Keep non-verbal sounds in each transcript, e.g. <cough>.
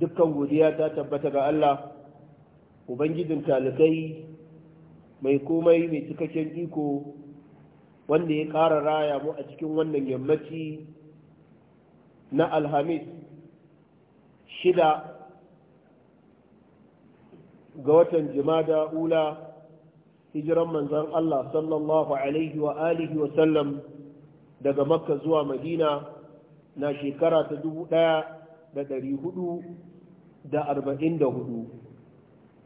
dukkan godiya ta tabbata ga Allah ubangijin talibai mai komai mai cikakken iko wanda ya ƙara raya mu a cikin wannan yammaci na alhamis shida ga watan jimada ula hijiran manzan Allah sallallahu alaihi wa alihi wa sallam daga makka zuwa madina na shekara ta dubu ɗaya da ɗari hudu da arba'in da hudu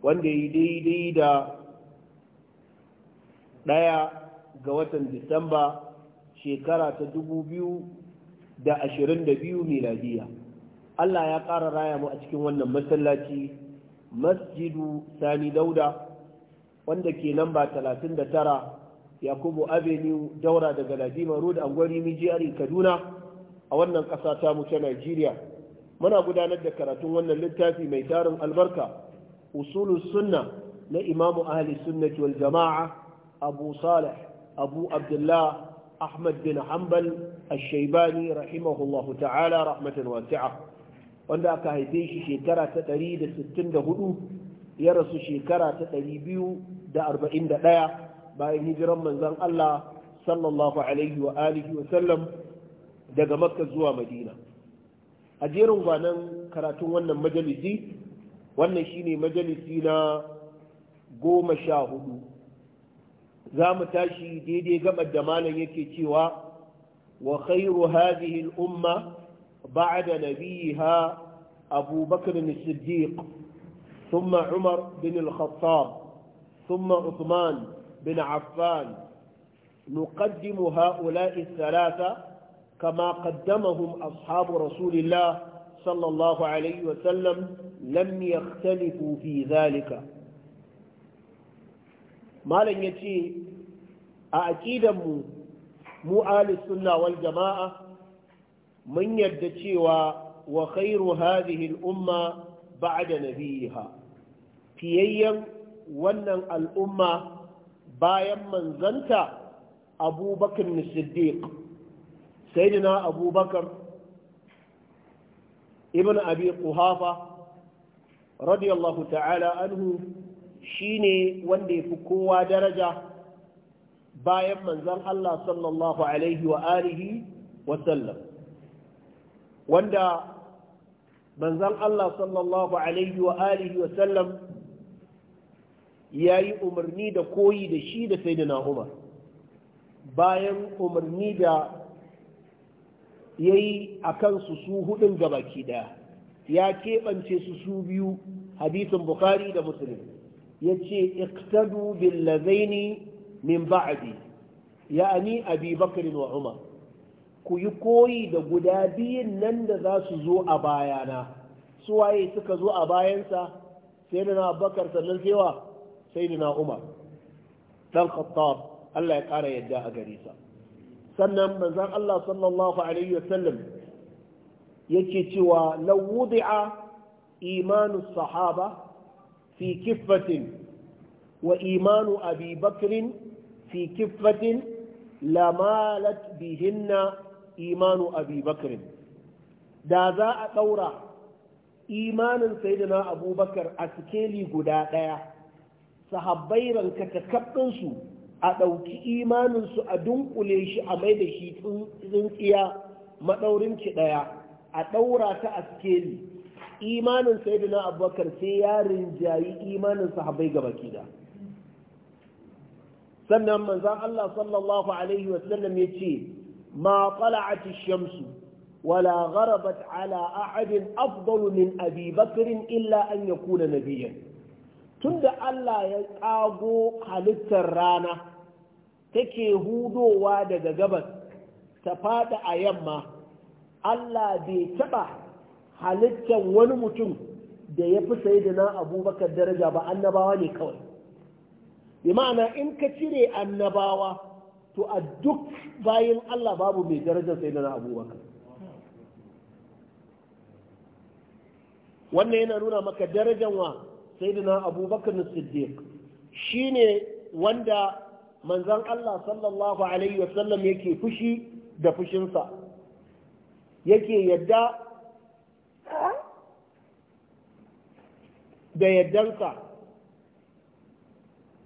wanda yi daidai da ɗaya ga watan disamba shekara ta dubu biyu da ashirin da biyu miladiya allah ya ƙara raya mu a cikin wannan masallaci masjidu sani dauda wanda ke lamba talatin da tara yakubu avenue daura daga ladima road angwari mijiyari kaduna a wannan ƙasa mu ta najeriya muna gudanar da karatun wannan littafi mai tarin albarka usulun sunna na imamu ahli sunnati wal jama'a abu salih abu abdullah ahmad bin hanbal al-shaibani rahimahullahu ta'ala rahmatan wasi'a wanda aka haife shi shekara ta 164 ya rasu shekara ta 241 bayan hijiran manzon Allah sallallahu alaihi wa alihi wa sallam daga makka zuwa madina a jerin gwanan karatun wannan majalisi wannan shine majalisi na goma sha hudu za mu tashi daidai gabar da malam yake cewa wa khairu hadhihi al-umma ba'da nabiha Abu Bakr siddiq thumma Umar bin al usman thumma Uthman bin Affan نقدم هؤلاء الثلاثة كما قدمهم أصحاب رسول الله صلى الله عليه وسلم لم يختلفوا في ذلك ما لن يتي أأكيدا مو مو آل السنة والجماعة من يدتي وخير هذه الأمة بعد نبيها fiyayyen wannan al'umma bayan manzanta abubakar siddiq Saidina abubakar ibn abi quhafa radiyallahu ta'ala anhu shine wanda ya fi kowa daraja bayan manzon Allah sallallahu alaihi wa alihi wa sallam wanda manzan Allah sallallahu alaihi wa alihi wa sallam yayi umarni da koyi da shi da sayyidina Umar bayan umarni da ya yi a kansu su hudun gabaki daya ya keɓance su su biyu hadisin bukhari da muslim ya ce iktadu billazaini min ya ya'ani abi bakr wa umar ku yi koyi da guda biyun nan da za su zo a bayana su waye suka zo a bayansa sai da na bakar sannan sai wa sai da na umar dan khattab Allah ya ƙara yadda a gare sa sannan manzon Allah sallallahu alaihi wasallam yake cewa law wudi'a imanu sahaba fi wa imanu abi bakrin fi kiffatin lamalat bihinna imanu abi bakrin da za a ɗaura imanin sayyidina abubakar a sikeli guda ɗaya sahabbai ranka su a ɗauki imaninsu a dunkule shi a mai da shi tsintsiya maɗaurin ki ɗaya a ɗaura ta a imanin saidina abubakar sai ya rinjayi imanin sahabbai gaba kida sannan manzan Allah sallallahu alaihi sallam ya ce ma qala'ati shamsu wala gharabat ala ahadin afdalu min abi bakr illa an yakuna nabiyyan tunda Allah ya tsago halittar rana take hudowa daga gabas ta fada a yamma Allah bai taɓa halittar wani mutum da ya fi sai da na abubakar daraja ba annabawa ne kawai bi ma'ana in ka cire annabawa to a duk bayan Allah babu mai darajar sai da na abubakar wannan yana nuna maka darajar wa sayyidina abubakar shi ne wanda manzon Allah sallallahu yake fushi da fushinsa yake yadda da yaddansa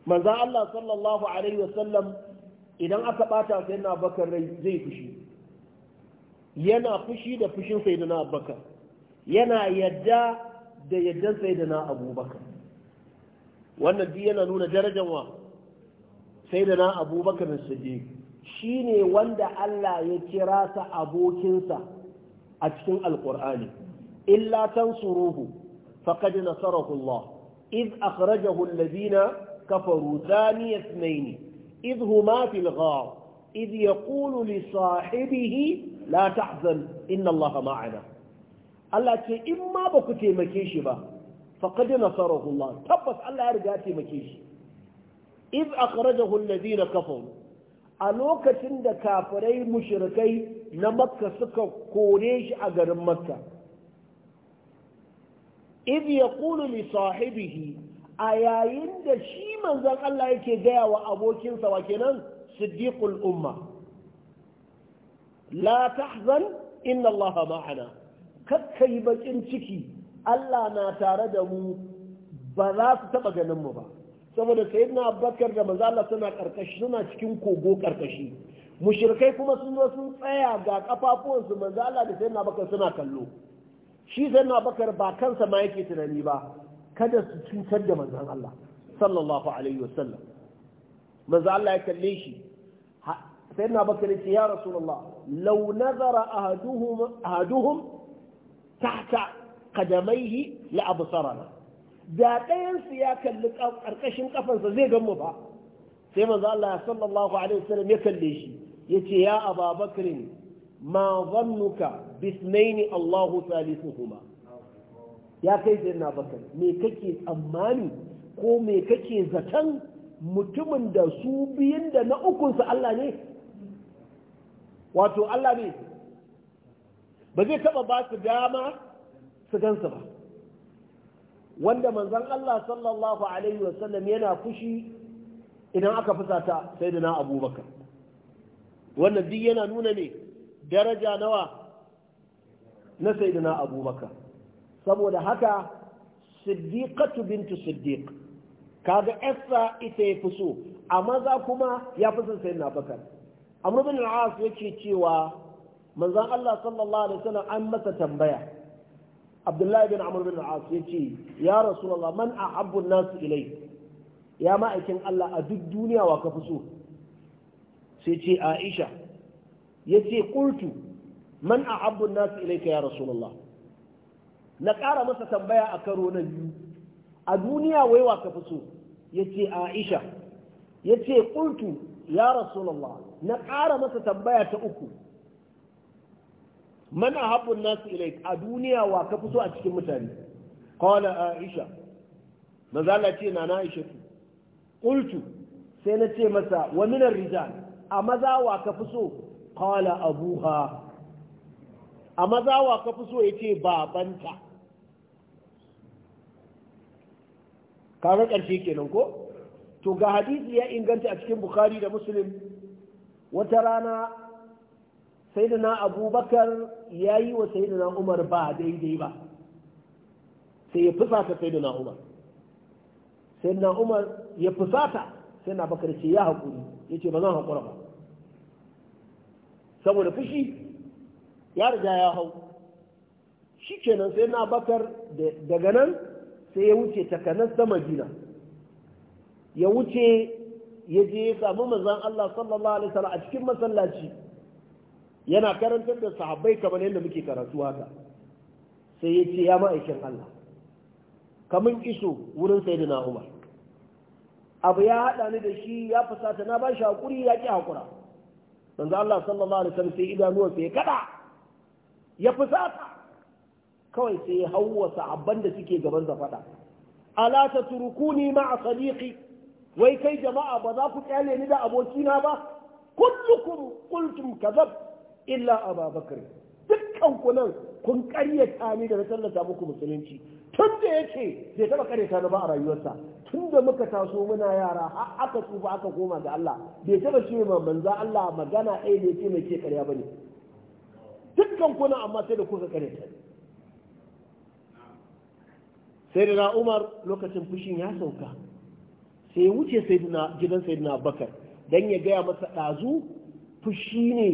manzon Allah sallallahu idan aka bata sai na zai fushi yana fushi da fushin sai na bakar yana yadda da yaddan sai da wannan biyu yana nuna darajan wa sai da na abubakar shi shine wanda Allah ya kira sa abokinsa a cikin alkur'ani illa tansuruhu faqad nasarahu Allah idh akhrajahu alladhina kafaru thaniya ithnain idh huma fil ghar idh yaqulu li sahibihi la tahzan inna Allaha ma'ana Allah ce in ma ba ku taimake shi ba faqad nasarahu Allah tabbas Allah ya riga taimake shi iz akhrajahu alladhina kafaru a lokacin da kafirai mushrikai na makka suka kore shi a garin makka iz yaqulu li sahibihi a yayin da shi manzon Allah yake gaya wa abokinsa wa kenan siddiqul umma la tahzan inna Allah ma'ana yi bakin ciki Allah na tare da mu ba za su taɓa ganin mu ba saboda sai sayyidina abubakar da manzo Allah suna karkashi suna cikin kogo karkashi mushrikai kuma sun zo sun tsaya ga kafafuwansu manzo Allah da sayyidina abubakar suna kallo shi sai sayyidina abubakar ba kansa ma yake tunani ba kada su cutar da manzan Allah sallallahu alaihi wasallam manzo Allah ya kalle shi sayyidina abubakar ya ce ya rasulullah law nazara ahaduhum ahaduhum tahta kadamaihi la absarana da ɗayansu ya kalli karkashin kafansa zai gan mu ba sai manzo Allah sallallahu alaihi wasallam ya kalle shi yace ya Ababakar ma zannuka bisnaini Allahu salisuhuma ya kai sayyidina Bakar me kake tsammani ko me kake zaton mutumin da su biyun da na ukunsa Allah ne wato Allah ne ba zai taba ba su dama su gansu ba wanda manzan Allah sallallahu alaihi wasallam yana kushi idan aka fusata sai da na abubakar wannan duk yana nuna ne daraja nawa na sai da na abubakar saboda haka siddiqatu bintu siddiq kaga essa ita ya fi so a maza kuma ya fi son sai na bakar amru bin al yake cewa manzon Allah sallallahu alaihi wasallam an masa tambaya Abdullahi bin Amr bin al ya yace ya Rasulullah man a abun nasu ilai ya ma'aikin Allah a duk duniya wa kafi so sai ce Aisha ya ce qultu man a abun nasu ilai ka ya Rasulullah na ƙara masa tambaya a karo na biyu a duniya wai wa kafi so Ya ce Aisha ya ce qultu ya Rasulullah na ƙara masa tambaya ta uku man ahabbun nasu a duniya wa ka fi so a cikin mutane qala aisha manzo Allah ce na aisha qultu sai na ce masa wa min rijal a maza wa ka fi so qala abuha a maza wa ka fi so yace babanta kaga ƙarshe kenan ko to ga hadisi ya inganta a cikin bukhari da muslim wata rana sayyidina abubakar ya yi wa sayyidina umar ba daidai ba sai ya fusata sayyidina umar sayyidina umar ya fusata sai na bakar ce ya haƙuri ya ce ba zan haƙura ba saboda fushi ya riga ya hau shi kenan sai na bakar daga nan sai ya wuce takanas da madina ya wuce ya je ya samu mazan Allah sallallahu alaihi wasallam a cikin masallaci yana karantar da sahabbai kamar yadda muke karatu haka sai ya ce ya ma'aikin Allah kamar iso wurin sai na Umar abu ya haɗa ni da shi ya fusata na ba shi haƙuri ya ƙi haƙura manzo Allah sallallahu alaihi wasallam sai idanuwa sai kada ya fusata kawai sai ya hawwa sahabban da suke gaban sa fada ala ma a sadiqi wai kai jama'a ba za ku kyale ni da abokina ba kullukum qultum kadhab illa ababakar dukkan kunan kun karyata ni da na tallata muku musulunci tun da yake bai taba karyata ni ba a rayuwarsa tun da muka taso muna yara har aka tsufa aka koma ga Allah bai taba ce ma manzo Allah magana ɗaya ne ce mai ce karya bane dukkan kunan amma sai da kuka karyata sai da Umar lokacin fushin ya sauka sai wuce gidan sayyidina Bakar dan ya gaya masa ɗazu fushi ne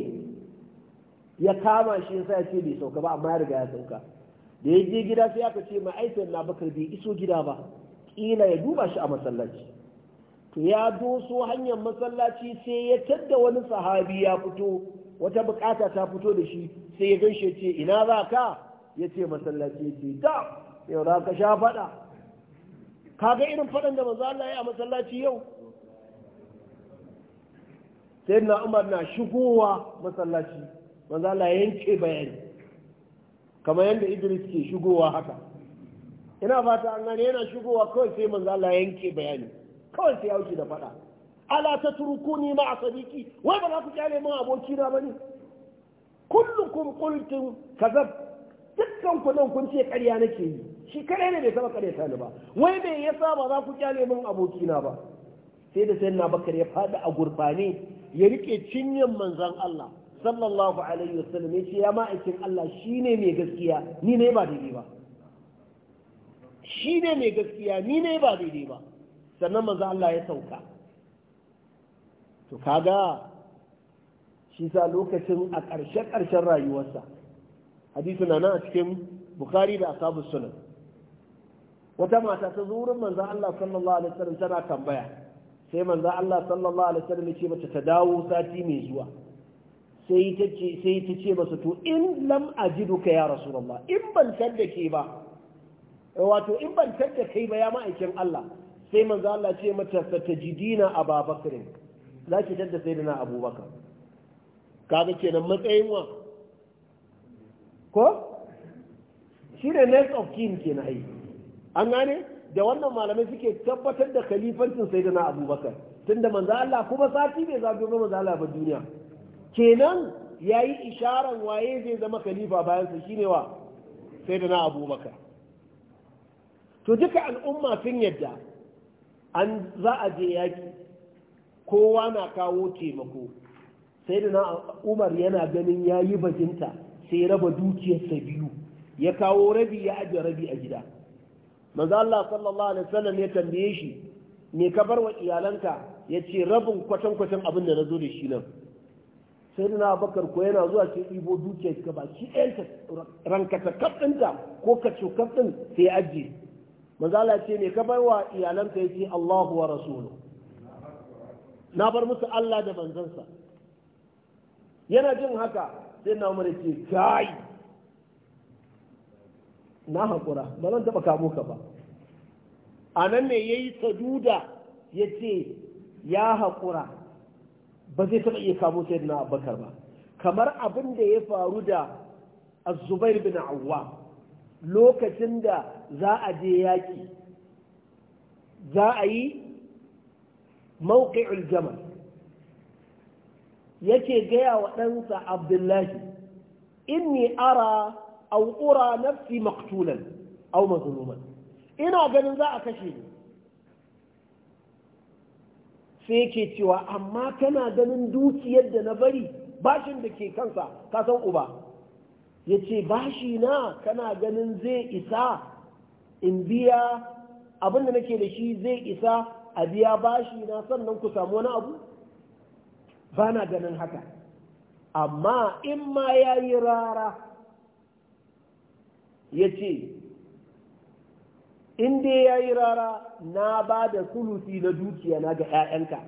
ya kama shi ya ya ce bai sauka ba amma ya riga ya sauka da ya je gida sai aka ce ma'aikatan na bakar bai iso gida ba kila ya duba shi a masallaci to ya doso hanyar masallaci sai ya tadda wani sahabi ya fito wata bukata ta fito da shi sai ya gaishe ce ina za ka ya ce masallaci ya ce ta yau za ka sha faɗa kaga irin faɗan da manzo Allah ya a masallaci yau sai na Umar na shigowa masallaci manzo Allah yanke bayani kamar yadda Idris ke shigowa haka ina fata an gane yana shigowa kawai sai manzo Allah yanke bayani kawai sai yauki da fada ala tatrukuni ma asabiki wai ba za ku kyale min aboki na bane kullukum qultum kazab dukkan ku nan kun ce ƙarya nake yi shi kare ne bai saba ta ni ba wai bai yasa ba za ku kyale min aboki na ba sai da na bakar ya fada a gurfane ya rike cinyan manzon Allah sallallahu alaihi wasallam ya ce ya ma'aikin Allah shi ne mai gaskiya ni ne ba daidai ba shi ne mai gaskiya ni ne ba daidai ba sannan manzo Allah ya sauka to kaga shi sa lokacin a ƙarshe ƙarshen rayuwarsa hadisi na nan a cikin bukhari da asabu sunan wata mata ta zo wurin manzo Allah sallallahu alaihi wasallam tana tambaya sai manzo Allah sallallahu alaihi wasallam ya ce mata ta dawo sati mai zuwa sai ta ce sai ta ce masa to in lam ajiduka ya rasulullah in ban da ke ba wato in ban da kai ba ya ma'aikin Allah sai manzo Allah ce mata a ababakar za ki tadda dana abubakar kaga kenan matsayin wa ko shi ne next of kin na ai an gane da wannan malamai suke tabbatar da khalifancin sayyidina abubakar tunda manzo Allah kuma sati bai zagiro manzo Allah ba duniya kenan ya yi isharar waye zai zama khalifa bayansa shine wa sai da na to duka al'umma sun yadda an za a je yaki kowa na kawo taimako sai da na umar yana ganin ya yi bajinta sai raba dukiyarsa biyu ya kawo rabi ya ajiye rabi a gida manzo Allah sallallahu alaihi wasallam ya tambaye shi me ka bar wa iyalanka yace rabin kwatan kwatan abin da nazo da shi nan sai na bakar ko yana zuwa ce ɗibo dukiya ka ranka ta kaɗin da ko ka ce kaɗin sai ajiye manzala ce ne ka bai wa iyalanka ya ce Allahu wa rasulu na bar musu Allah da manzansa yana jin haka sai na umar ce kai na haƙura ba zan taɓa kamo ka ba a nan ne ya yi saduda ya ce ya haƙura ba zai taɓa iya kamo sai na abubakar ba kamar abin da ya faru da azubair bin awwa lokacin da za a je yaƙi za a yi mawqi'ul jamal yake gaya wa ɗansa abdullahi inni ara aw nafsi maktulan aw mazluman ina ganin za a kashe ni sai yake cewa amma kana ganin dukiyar da na bari bashin da ke kansa ka san uba ya ce bashi na kana ganin zai isa in biya abin da nake da shi zai isa a biya bashi na sannan ku samu wani abu ba na ganin haka amma in ma ya yi rara ya ce in dai ya yi rara na ba da sulusi na dukiya na ga 'ya'yanka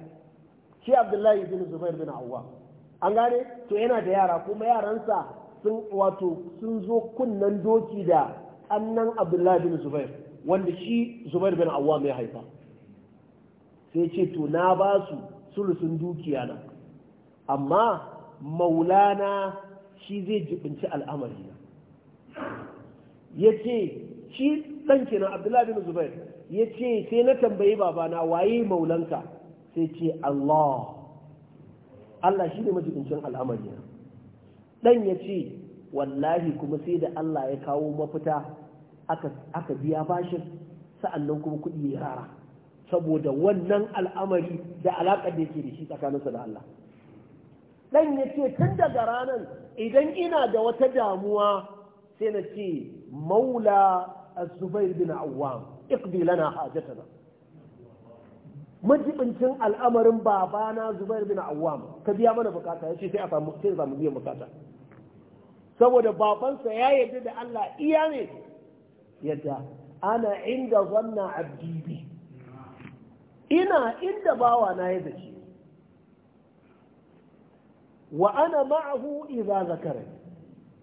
shi abdullahi bin zubair bin awwa an gane to yana da yara kuma yaransa sun wato sun zo kunnan doki da annan abdullahi bin zubair wanda shi zubair bin awwa mai haifa sai ce to na ba su sulusin dukiya na amma maulana shi zai jibinci al'amari na ya ce shi dan kenan abdullahi bin zubair ya ce sai na tambayi babana waye maulanka sai ce allah allah shi ne majibincin al'amari dan ya ce wallahi kuma sai da allah ya kawo mafita aka biya bashin sa'annan kuma kuɗi ya rara saboda wannan al'amari da alaƙar da yake da shi tsakaninsa da allah dan ya ce tun daga ranar idan ina da wata damuwa sai na ce maula الزبير بن عوام اقضي لنا حاجتنا majibincin al'amarin babana zubair bin awam ka biya mana bukata ya ce sai a samu sai samu biyan bukata saboda babansa ya yarda da Allah iya ne yadda ana inda zanna abdi ina inda bawa na ya dace wa ana ma'ahu idza zakara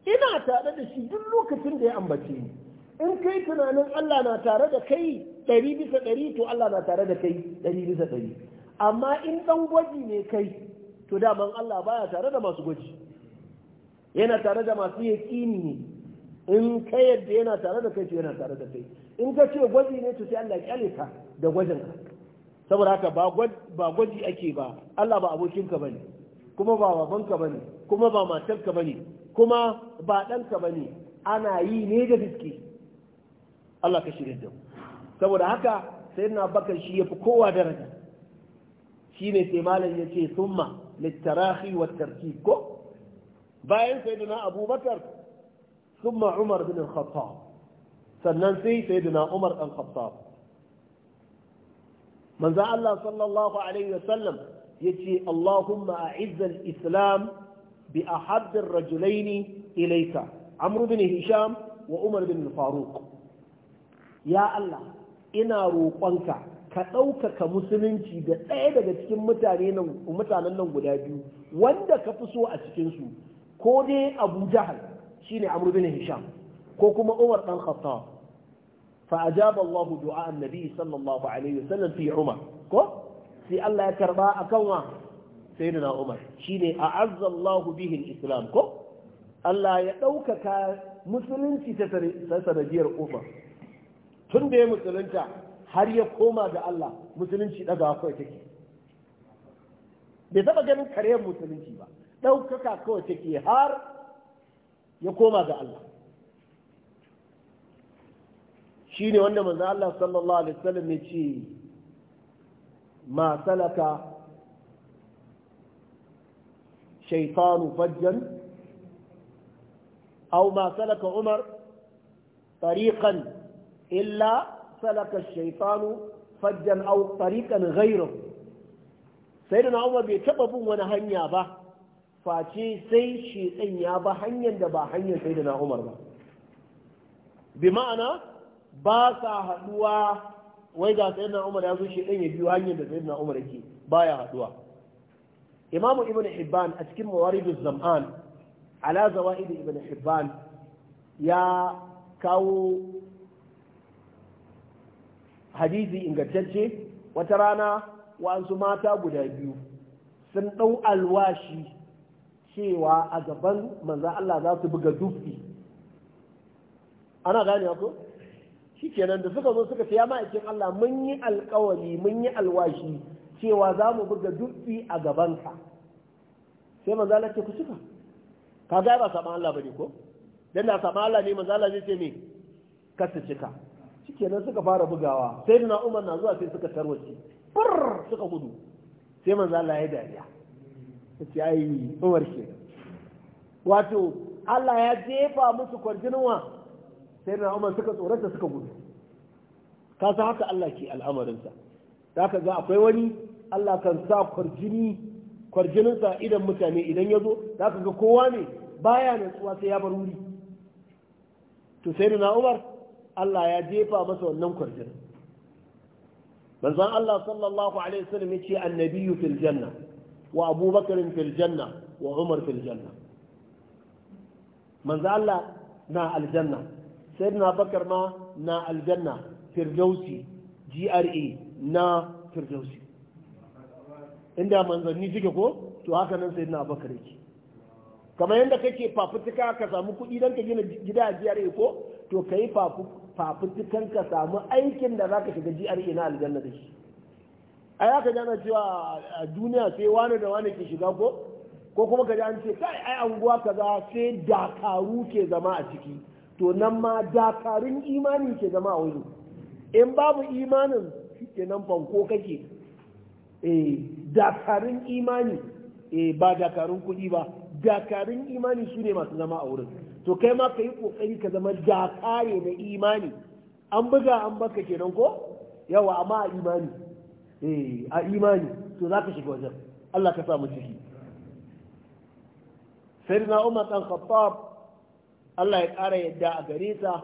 ina tare da shi duk lokacin da ya ambace ni in kai tunanin Allah na tare da kai ɗari bisa ɗari to Allah na tare da kai ɗari bisa ɗari amma in ɗan gwaji ne kai to daman Allah baya tare da masu gwaji yana tare da masu yaƙini ne in ka yadda yana tare da kai to yana tare da kai in ka ce gwaji ne to sai Allah kyale ka da gwajin ka saboda haka ba gwaji ake ba Allah ba abokinka bane kuma ba babanka bane kuma ba matarka bane kuma ba ɗanka bane ana yi ne da gaske Allah ka shirya da mu saboda haka na bakar shi yafi kowa daraja shine sai malam yace thumma litarahi wa tartib ko bayan sayyidina abubakar thumma umar bin al-khattab sannan sai sayyidina umar bin al-khattab manzo Allah sallallahu alaihi wa wasallam yace Allahumma a'izz al-islam bi ahadd ar-rajulayn ilayka amru bin hisham wa umar bin al-faruq ya Allah ina roƙonka ka ɗaukaka musulunci da ɗaya daga cikin mutanen nan guda biyu wanda ka fi so a cikinsu ko dai abu jahal shine amr bin hisham ko kuma umar ɗan khattab fa a ajaba Allah du'a annabi sallallahu alaihi wasallam fi umar ko sai Allah ya karba akan wa na umar Shi ne a a'azza Allahu bihin islam ko Allah ya ɗaukaka musulunci ta sanadiyar umar tun da ya musulunta har ya koma ga Allah musulunci daga kawai take bai taba ganin karyar musulunci ba ɗaukaka kawai take har ya koma ga Allah shi ne wanda manzo Allah sallallahu alaihi wasallam ya ce ma salaka shaytanu fajjan au ma salaka umar tariqan illa salaka shaitanu faddan au tariqan ghayru sai da umar bai taɓa bin wani hanya ba face sai shaitan ya ba hanyar da ba hanyar sai da umar ba bi ba sa haduwa wai ga sai da umar ya zo shaitan ya biyo hanyar da sai da umar yake baya haduwa imamu ibnu a cikin mawariduz zam'an ala zawaid ya kawo hadisi ingantacce wata rana wa'ansu mata guda biyu sun ɗau alwashi cewa a gaban manzan Allah za su buga dufi ana gane ko shi kenan da suka zo suka ce ya ma'aikin Allah mun yi alkawari mun yi alwashi cewa za mu buga dufi a gabanka sai manzan Allah ce ku suka ka ga ba saman Allah bane ko dan da saman Allah ne manzan Allah zai ce me ka su cika nan suka fara bugawa sai na umar na zuwa sai suka tarwace burr suka gudu sai manzo Allah ya dariya sai ai umar ke wato Allah ya jefa musu kwarjinuwa sai na umar suka tsorata suka gudu ka san haka Allah ke al'amarinsa ka ga akwai wani Allah kan sa kwarjini kwarjininsa idan mutane idan ya zo zaka ga kowa ne baya natsuwa sai ya bar wuri to sai na umar Allah ya jefa masa wannan kwarjin manzon Allah sallallahu alaihi wasallam yace annabiyyu fil janna wa Abubakarin fil janna wa umar fil janna manzon Allah na aljanna sayyidina bakar ma na aljanna firdausi GRE na firdausi inda manzanni suke ko to haka nan sayyidina bakar yake kamar yadda kake fafutuka ka samu kuɗi don ka gina gida a GRA e ko to ka yi fafutukan ka samu aikin da zaka shiga GRA na aljanna da shi ai aka jana cewa a duniya sai wani da wani ke shiga ko ko kuma ka ji an ce kai ai anguwa kaza sai dakaru ke zama a ciki to nan ma dakarun imani ke zama a wuri in babu imanin ke nan fanko kake eh dakarun imani eh ba dakarun kuɗi ba dakarun imani shine masu zama a wurin to kai ma ka yi kokari ka zama jakare na imani an buga an baka kenan ko yawa amma a imani eh a imani to za ka shiga wajen Allah ka samu ciki na Umar ɗan Khattab Allah ya ƙara yadda a gare ta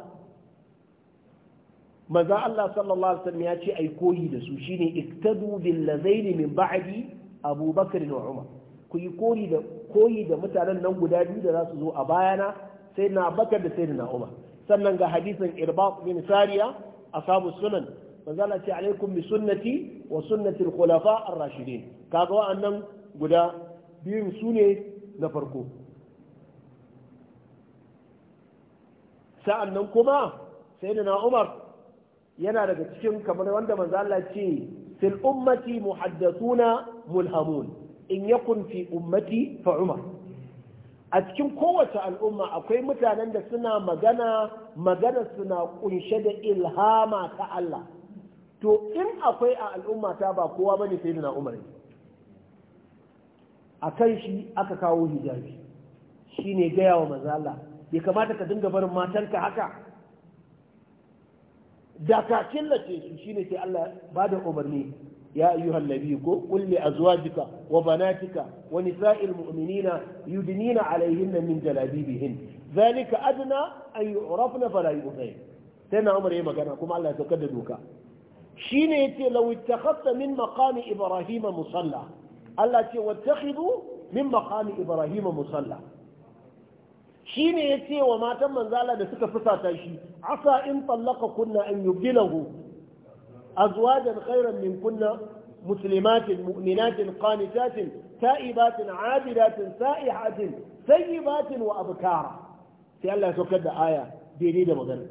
maza Allah sallallahu alaihi wasallam ya ce ai koyi da su shine iktadu bil ladain min ba'di Abubakar da Umar ku yi koyi da koyi da mutanen nan guda biyu da za su zo a bayana sai na bakar da sai na umar sannan ga hadisin irbaq bin sariya ashabu sunan manzala ce alaikum bi sunnati wa sunnati al-khulafa ar-rashidin kaga wa'annan guda biyun su ne na farko sa'annan kuma sai na umar yana daga cikin kamar wanda manzala ce fil ummati muhaddathuna mulhamun in yakun fi ummati fa umar a cikin kowace al'umma akwai mutanen da suna magana magana suna kunshe da ilhama ta Allah to in akwai a al'umma ta ba kowa bane sai da umar a kan shi aka kawo hijabi shine gaya wa manzo bai kamata ka dinga barin matanka haka da ka killace su shine sai Allah ba da umarni يا أيها النبي قل لأزواجك وبناتك ونساء المؤمنين يدنين عليهن من جلابيبهن ذلك أدنى أن يعرفن فلا يؤذين سيدنا عمر إيه مكانا كما الله تكددوك شين لو اتخذت من مقام إبراهيم مصلى الله واتخذوا من مقام إبراهيم مصلى shine yace wa matan manzala da suka fusata shi asa in tallaka kunna an yubdilahu أزواجا خيرا من كل مسلمات مؤمنات قانتات تائبات عادلات سائحات سيبات وأبكار في الله سكد آية ديني دي مغرب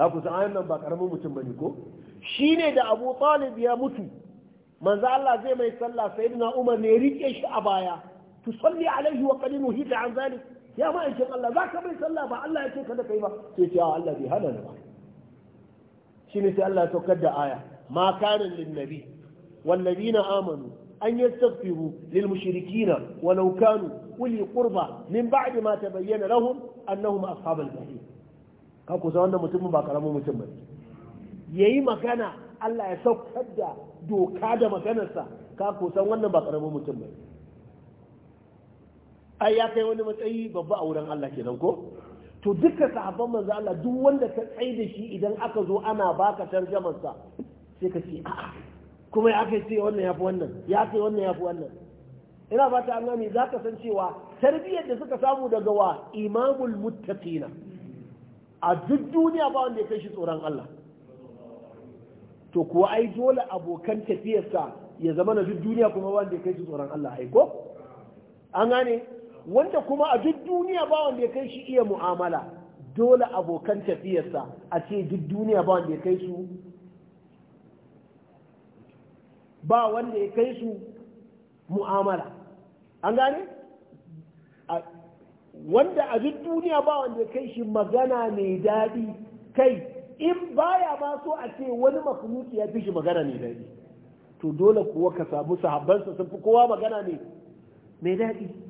haku sa'ayin nan ba karamin mutum ba ne ko shi ne da abu talib ya mutu Manza Allah zai mai sallah sai na umar ne rike shi a baya tu salli alaihi wa qalimu hita an zalik ya ma'aikin Allah za ka mai sallah ba Allah ya ce kada kai ba sai ce Allah bai hada ba ne sai Allah ya saukar da aya ma karin lin nabi wal ladina amanu an yastaghfiru lil mushrikina walau kanu uli qurba min ba'di ma tabayyana lahum annahum ashabul jahim ka ku san wannan mutumin ba karamin mutum bane yayi magana Allah ya saukar da doka da maganarsa ka ku san wannan ba karamin mutum bane ai ya kai wani matsayi babba a wurin Allah kenan ko to duka sahabban manzo Allah duk wanda ka tsaye da shi idan aka zo ana baka tarjamar sa sai ka ce a'a kuma ya kai ce wannan yafi wannan ya kai wannan yafi wannan ina fata an gane zaka san cewa tarbiyyar da suka samu daga wa imamul muttaqina a duk duniya ba wanda ya kai shi tsoron Allah to kuwa ai dole abokan tafiyarsa ya zama na duk duniya kuma ba wanda ya kai shi tsoron Allah ai ko an gane wanda kuma a duk duniya ba wanda ya kai shi iya mu'amala dole abokan tafiyarsa a ce duk duniya ba wanda ya kai su ba wanda ya kai su mu'amala an gane wanda a duk duniya ba wanda ya kai shi magana mai daɗi kai in baya ba so a ce wani makamuki ya fi shi magana mai daɗi to dole kuwa ka samu sahabbansa sun fi kowa magana mai daɗi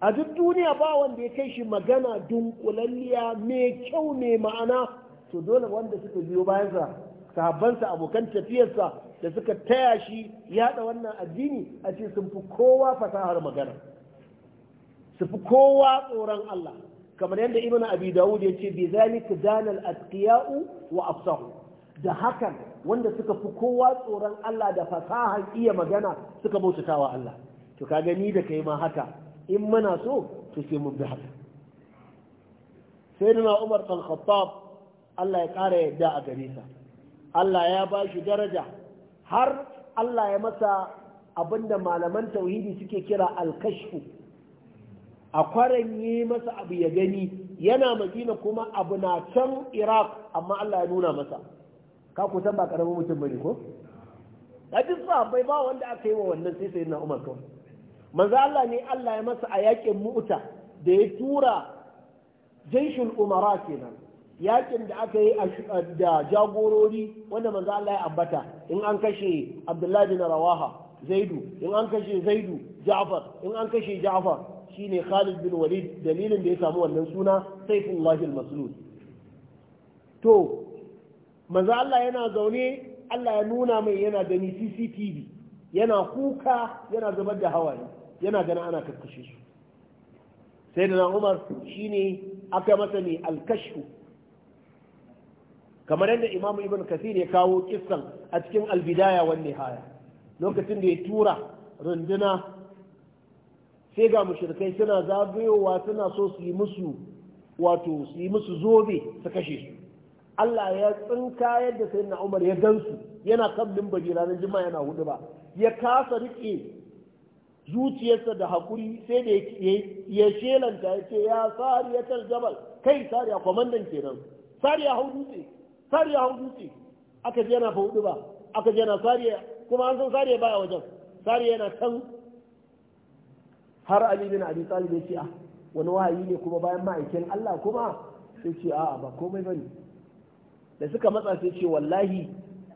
a duk duniya ba wanda ya kai shi magana dunkulalliya mai kyau mai ma'ana to dole wanda suka biyo bayansa sahabbansa abokan tafiyarsa da suka taya shi yada wannan addini a ce sun fi kowa fasahar magana su fi kowa tsoron Allah kamar yadda ibn abi dawud ya ce bi zalika danal atqiya'u wa afsahu da hakan wanda suka fi kowa tsoron Allah da fasahar iya magana suka bautatawa Allah to ka gani da kai ma haka in muna so to sai mun bi haka sai duna umar ɗan Allah ya ƙara yadda a gare sa Allah ya ba shi daraja har Allah ya masa abinda malaman tauhidi suke kira alkashfu a kwaran yi masa abu ya gani yana madina kuma abu na can iraq amma Allah ya nuna masa ka kusan ba karamin mutum bane ko a duk bai ba wanda aka yi wa wannan sai sai na umar kawai manzo Allah ne Allah ya masa a yakin mu'ta da ya tura jaishul umara kenan yakin da aka yi da jagorori wanda manzo Allah ya ambata in an kashe Abdullahi bin Rawaha Zaidu in an kashe Zaidu Ja'far in an kashe Ja'far shine Khalid bin Walid dalilin da ya samu wannan suna Saifullah al-Maslul to manzo Allah yana zaune Allah ya nuna mai yana gani CCTV yana kuka yana zubar da hawaye yana gana ana kakkashe su sai da na umar ne aka masa ne alkashu kamar yadda imamu ibn kasir ya kawo kissan a cikin albidaya wanne haya lokacin da ya tura runduna sai ga mushrikai suna zagayowa suna so su yi musu wato su yi musu zobe su kashe su Allah ya tsinka yadda sai na Umar ya gansu yana kan mimbari ranar jima yana hudu ba ya kasa riƙe zuciyarsa da haƙuri sai da ya shelanta ya ce ya sariyatar jabal kai a kwamandan kenan a hau dutse a hau dutse aka ji yana fahudu ba aka ji yana sariya kuma an san sariya baya wajen sariya yana can har ali bin abi talib ya ce a ah, wani wahayi ne kuma bayan ma'aikin Allah kuma sai ce a'a ba komai bane da suka matsa sai ce wallahi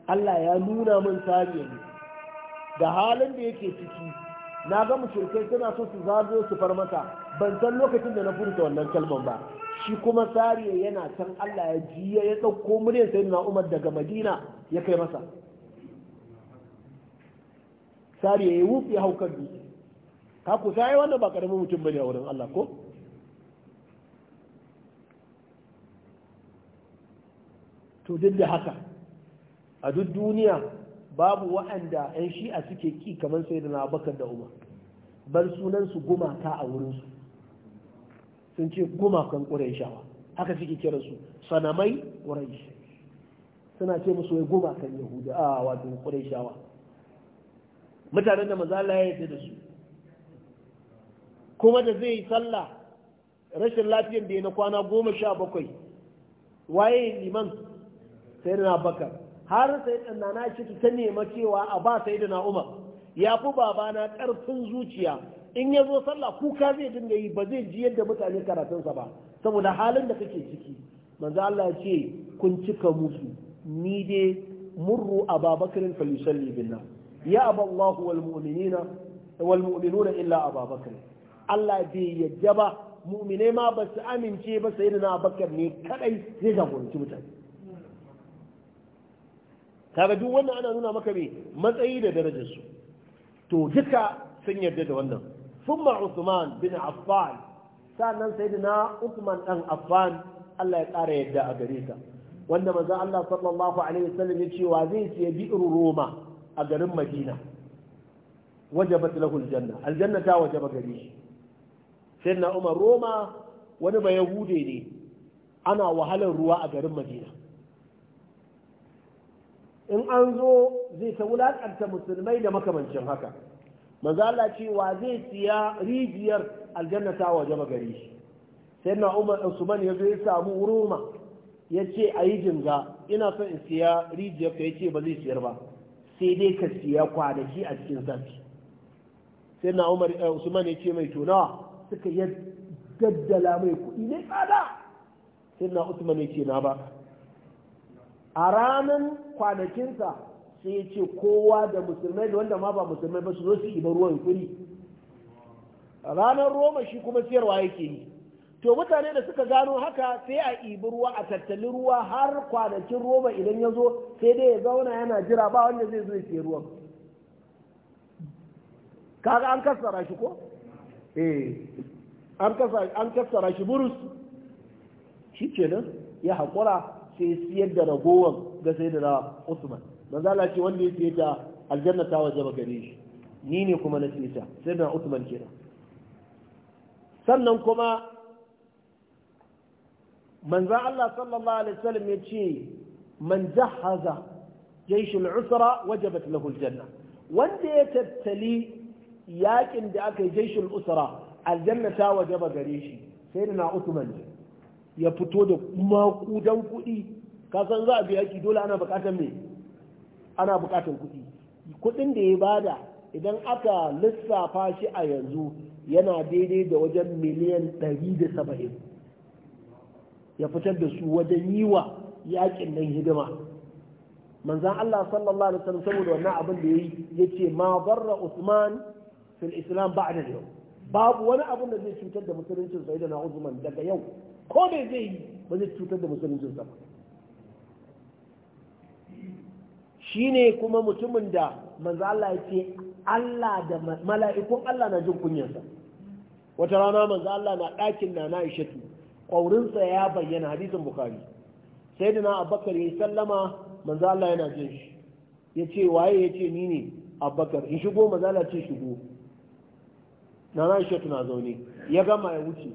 Allah ya nuna min sariya ne da halin da yake ciki na ga mushrikai suna so su zazo su far mata ban san lokacin da na furta wannan kalman ba shi kuma sariya yana can Allah ya ji ya ɗauko muryar na Umar daga Madina ya kai masa sariya ya wufi ya haukar dutse ka ku sai wannan ba karamin mutum bane a wurin Allah ko to duk da haka a duk duniya babu wa'anda 'yan shi'a suke ki kamar sai da na bakar da umar bar sunansu gumata a wurinsu sun ce gumakan shawa. haka suke kiransu sanamai shi. suna ce musu wai gumakan yahuda a wato shawa mutanen da mazala ya yi da su kuma da zai yi sallah rashin lafiyar da ya na kwana goma sha bakwai waye liman sai na bakar har sai tsanana ciki ta nema cewa a ba sai da umar ya fi babana ƙarfin zuciya in ya zo sallah kuka zai dinga yi ba zai ji yadda mutane karatunsa ba saboda halin da kake ciki manzo Allah ya ce kun cika musu ni dai murru ababakar fa yusalli billah ya aballahu wal mu'minina wal mu'minuna illa ababakar Allah bai yadda ba mu'mine ma ba su amince ba sayyidina abakar ne kadai zai jagoranci mutane kaga duk wannan ana nuna maka me matsayi da darajar su to duka sun yarda da wannan thumma Uthman bin Affan sannan sayyidina Uthman dan Affan Allah ya kara yadda a gare ka wanda manzo Allah sallallahu alaihi wasallam ya ce wa zai siya bi'ir Roma a garin Madina wajabat lahu aljanna aljanna ta wajaba gare shi sayyidina Umar Roma wani ba yahude ne ana wahalar ruwa a garin Madina in an zo zai ta wulaƙanta musulmai da makamancin haka manzo Allah cewa zai siya rijiyar aljanna ta waje gari. shi sai na Umar Usman ya zo ya samu Roma ya ce a yi jinga ina son in siya rijiyar ka ya ce ba zai siyar ba sai dai ka siya kwanaki a cikin zafi sai na Umar eh, Usman ya ce mai tunawa suka yaddala mai kuɗi ne tsada sai na Usman ya ce na ba a ranan kwanakinsa sai ya ce kowa da musulmai da wanda ma ba musulmai ba su zo su iba ruwan kuri ranar roma shi kuma siyarwa yake yi to mutane da suka gano haka sai a ibi ruwa a tattali ruwa har kwanakin roma idan ya zo sai dai ya zauna yana jira ba wanda zai zo ya ruwan kaga an kassara shi ko eh an kassara shi burus shi kenan ya haƙura sai siyar da ragowar ga sai da Usman manzo Allah ce wanda ya siye da aljanna ta waje ba gare shi ni ne kuma na siye ta sai da Usman kenan sannan kuma manzo Allah sallallahu alaihi wasallam ya ce man jahaza jaysh al-usra wajabat lahu al-janna wanda ya tattali yakin da aka yi jaysh al-usra aljanna ta waje ba gare shi sai da Usman ne ya fito da makudan kuɗi kasan za a biya ki dole ana bukatar me ana bukatar kuɗi kuɗin da ya bada idan aka lissafa shi a yanzu yana daidai da wajen miliyan 170 ya fitar da su wajen yi wa yakin nan hidima manzan Allah sallallahu alaihi wasallam saboda wannan abin da yayi yace ma barra Usman fil Islam ba'da yau babu wani abin da zai cutar da musuluncin sai da na Usman daga yau ko me zai yi ba zai cutar da musuluncin Shi ne kuma mutumin da manzo Allah ya ce Allah da mala'ikun Allah na jin kunyarsa wata rana manzo Allah na ɗakin na Aishatu ƙaurinsa ya bayyana hadisin Bukhari sai da na Abakar ya sallama manzo Allah yana jin shi ya ce waye ya ce ni ne Abakar? in shigo manzo Allah ce shigo na Aishatu na zaune ya gama ya wuce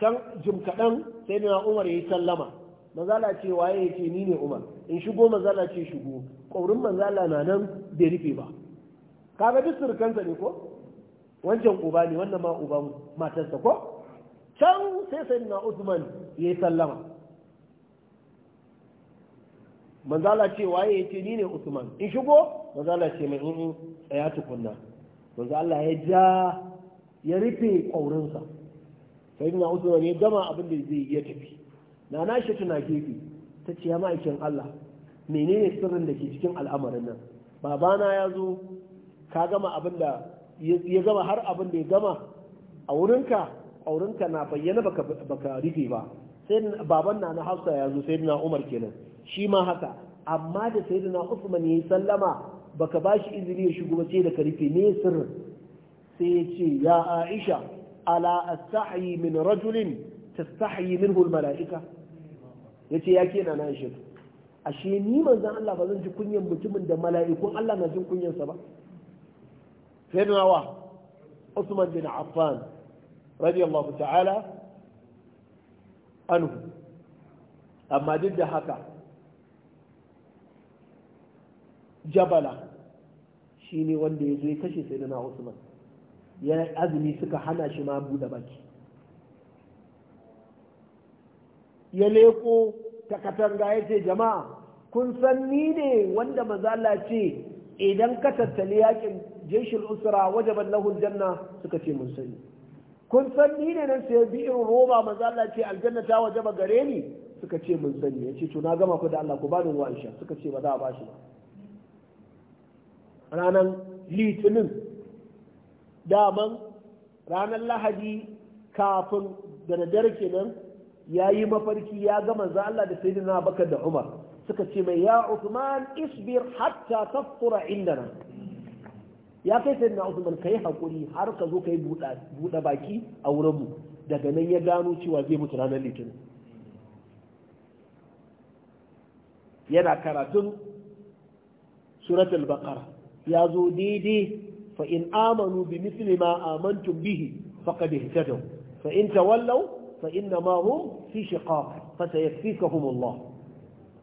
can jim kaɗan sai na umar ya yi sallama mazala ce waye ya ce ni ne umar in shigo mazala ce shigo ƙaurin mazala na nan bai rufe ba kaga duk surukansa ne ko wancan uba ne wannan ma uban matarsa ko can sai sai na usman ya yi sallama manzala ce waye ya ce ni ne usman in shigo manzala ce mai in tsaya tukunna manzo ya ja ya rufe ƙaurinsa sai na usman ya gama abin da zai iya tafi na na shi tuna gefe ta ce ya ma'aikin Allah menene sirrin da ke cikin al'amarin nan babana ya zo ka gama abin da ya gama har abin da ya gama a wurinka a wurinka na bayyana baka rufe ba sai baban na na hafsa ya zo sai na umar kenan shi ma haka amma da sai na usman ya yi sallama baka bashi shi izini ya shigo ba sai da ka rufe ne sirrin sai ya ce ya aisha ala astahyi min rajulin tastahyi minhu almalaika yace ya kenan na shi ashe ni manzon Allah ba zan ji kunyan mutumin da mala'ikun Allah na jin kunyansa ba sai Usman bin Affan radiyallahu ta'ala anhu amma duk da haka jabala shine wanda ya zo ya kashe sai da na Usman ya azumi suka hana shi ma bude baki ya leko ta katanga ya ce jama'a kun san ni ne wanda mazala ce idan ka tattali yakin jeshin usra ban lahun janna suka ce mun sani kun san ni ne nan sai bi irin roba mazala ce aljanna ta waje ba gare ni suka ce mun sani ya ce to na gama ku da Allah ku ni ruwa Aisha suka ce ba za a bashi ba ranan litinin daman ranar lahadi kafin da daddare kenan ya yi mafarki ya ga manzo Allah da sayyidina Bakar da Umar suka ce mai ya Uthman isbir hatta tafkura indana ya kai sai Usman Uthman yi hakuri har ka zo ka yi buɗe baki a wurin mu daga nan ya gano cewa zai mutu ranar litinin yana karatun suratul baqara ya zo daidai fa in amanu bi mithli ma amantum bihi faqad ihtadaw fa in tawallaw fa inna ma hum fi shiqaq fa sayakfikahum Allah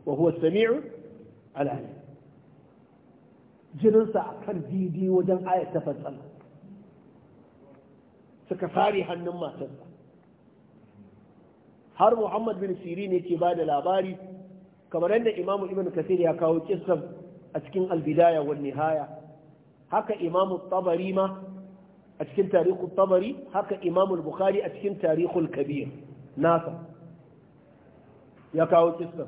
wa huwa as-sami'u al jirinsa a kan didi wajen ta suka hannun har muhammad bin siri ne ke ba da labari kamar yadda imamu ibn kasir ya kawo kissan a cikin albidaya wani nihaya haka imamu tabari ma a cikin tarihul tabari haka imamu bukhari a cikin tarihul kabir nasa ya kawo kissan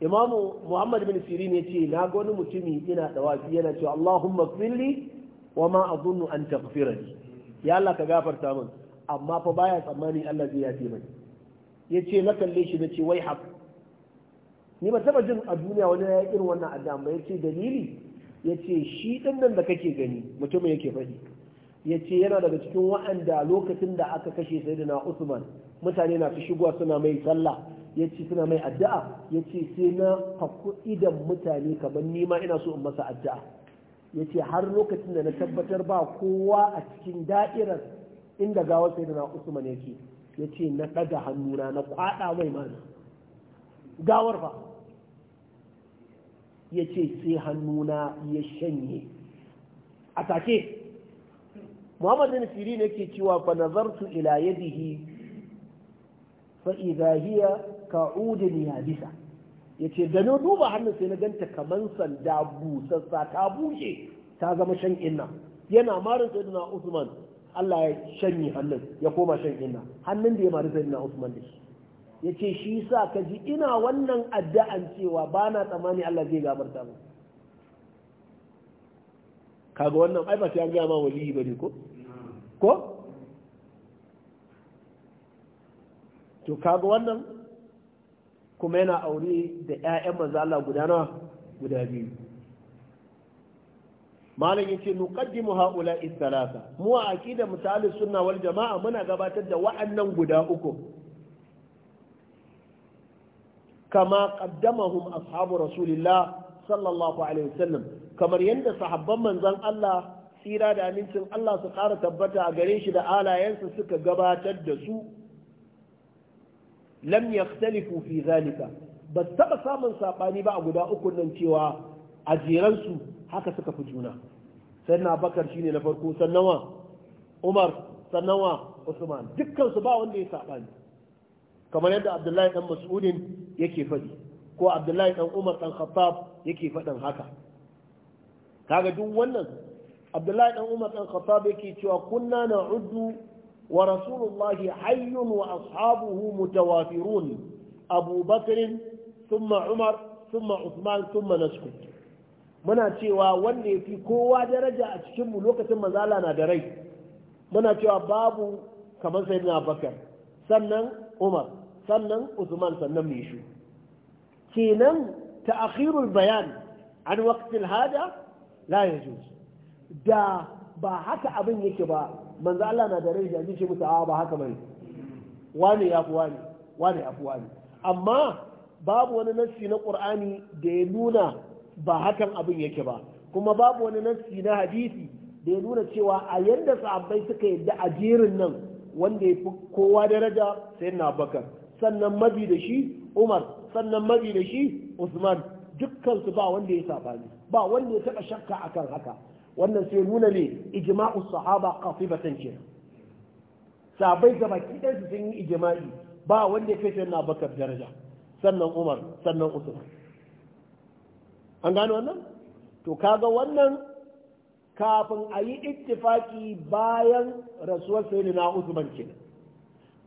imamu muhammad bin sirin ya ce na ga wani mutumi ina dawafi yana cewa allahumma filli wa ma azunnu an taghfirani ya Allah ka gafarta min amma fa baya tsammani Allah zai yafe mai yace na kalle shi ce wai haka. ni ba taba jin a duniya wani ya irin wannan addu'a ba yace dalili ya ce shi ɗin da kake gani mutumin yake faɗi ya ce yana daga cikin wa'anda lokacin da aka kashe sai na usman mutane na fi shigowa suna mai sallah ya ce suna mai addu'a ya ce sai na haku idan mutane kamar nima ina so in masa addu'a ya ce har lokacin da na tabbatar ba kowa a cikin da'irar inda gawar sai na usman yake ya ce na ɗaga hannuna na kwaɗa mai mana gawar ba. ya ce sai hannuna ya shanye a take muhammad bin ne ke cewa fa nazartu ila yadihi fa idha hiya bisa. yace da na duba hannun sai na ganta kamar sanda busassa ta bushe ta zama shan inna yana marin sayyidina usman Allah ya shanye hannun ya koma shan inna hannun da ya marin sayyidina usman da shi ya ce shi sa ka ji ina wannan addu'an cewa ba na tsammani Allah zai gabarta mu kaga wannan ai ba sai an gama waliyi bane ko ko to kaga wannan kuma yana aure da ƴaƴan manzo Allah guda nawa guda biyu malam yace nuqaddimu haula thalatha mu a aqida mutalis sunna wal jamaa muna gabatar da wa'annan guda uku kama qaddamahum ashabu rasulillah sallallahu alaihi wasallam kamar yadda sahabban manzon Allah tsira da amincin Allah su ƙara tabbata a gare shi da alayensa suka gabatar da su lam yaktalifu fi zalika taɓa samun saɓani ba a guda uku cewa a jeransu haka suka fi juna sai na bakar shi ne na farko sannan umar sannan wa usman dukkansu ba wanda ya saɓani kamar yadda abdullahi dan mas'udin yake faɗi ko abdullahi dan umar dan khattab yake faɗin haka kaga duk wannan abdullahi dan umar dan khattab yake cewa kunna na'uddu wa rasulullahi hayyun wa ashabuhu mutawafirun abu bakr thumma umar thumma uthman thumma nasku muna cewa wanda yafi kowa daraja a cikin mu lokacin mazala na da rai muna cewa babu kamar sayyidina bakar sannan umar sannan Uthman sannan mai shi. kenan ta'khirul bayan an waqtil hada la yajuz da ba haka abin yake ba manzo Allah na da rai yanzu musu a ba haka bane wani ya fi wani wani ya fi wani amma babu wani nassi na Qur'ani da ya nuna ba hakan abin yake ba kuma babu wani nassi na hadisi da ya nuna cewa a yanda sahabbai suka yadda a jerin nan wanda ya fi kowa daraja sai na bakar sannan mabi da shi Umar sannan mabi da shi Usman dukkan su ba wanda ya sabani ba wanda ya taba shakka akan haka wannan sai nuna ne ijma'u sahaba qatibatan ce sabai gaba kidan su sun yi ijma'i ba wanda ya kai sayyidina Bakar daraja sannan Umar sannan Usman an gano wannan to kaga wannan kafin a yi ittifaki bayan rasuwar sayyidina Usman kenan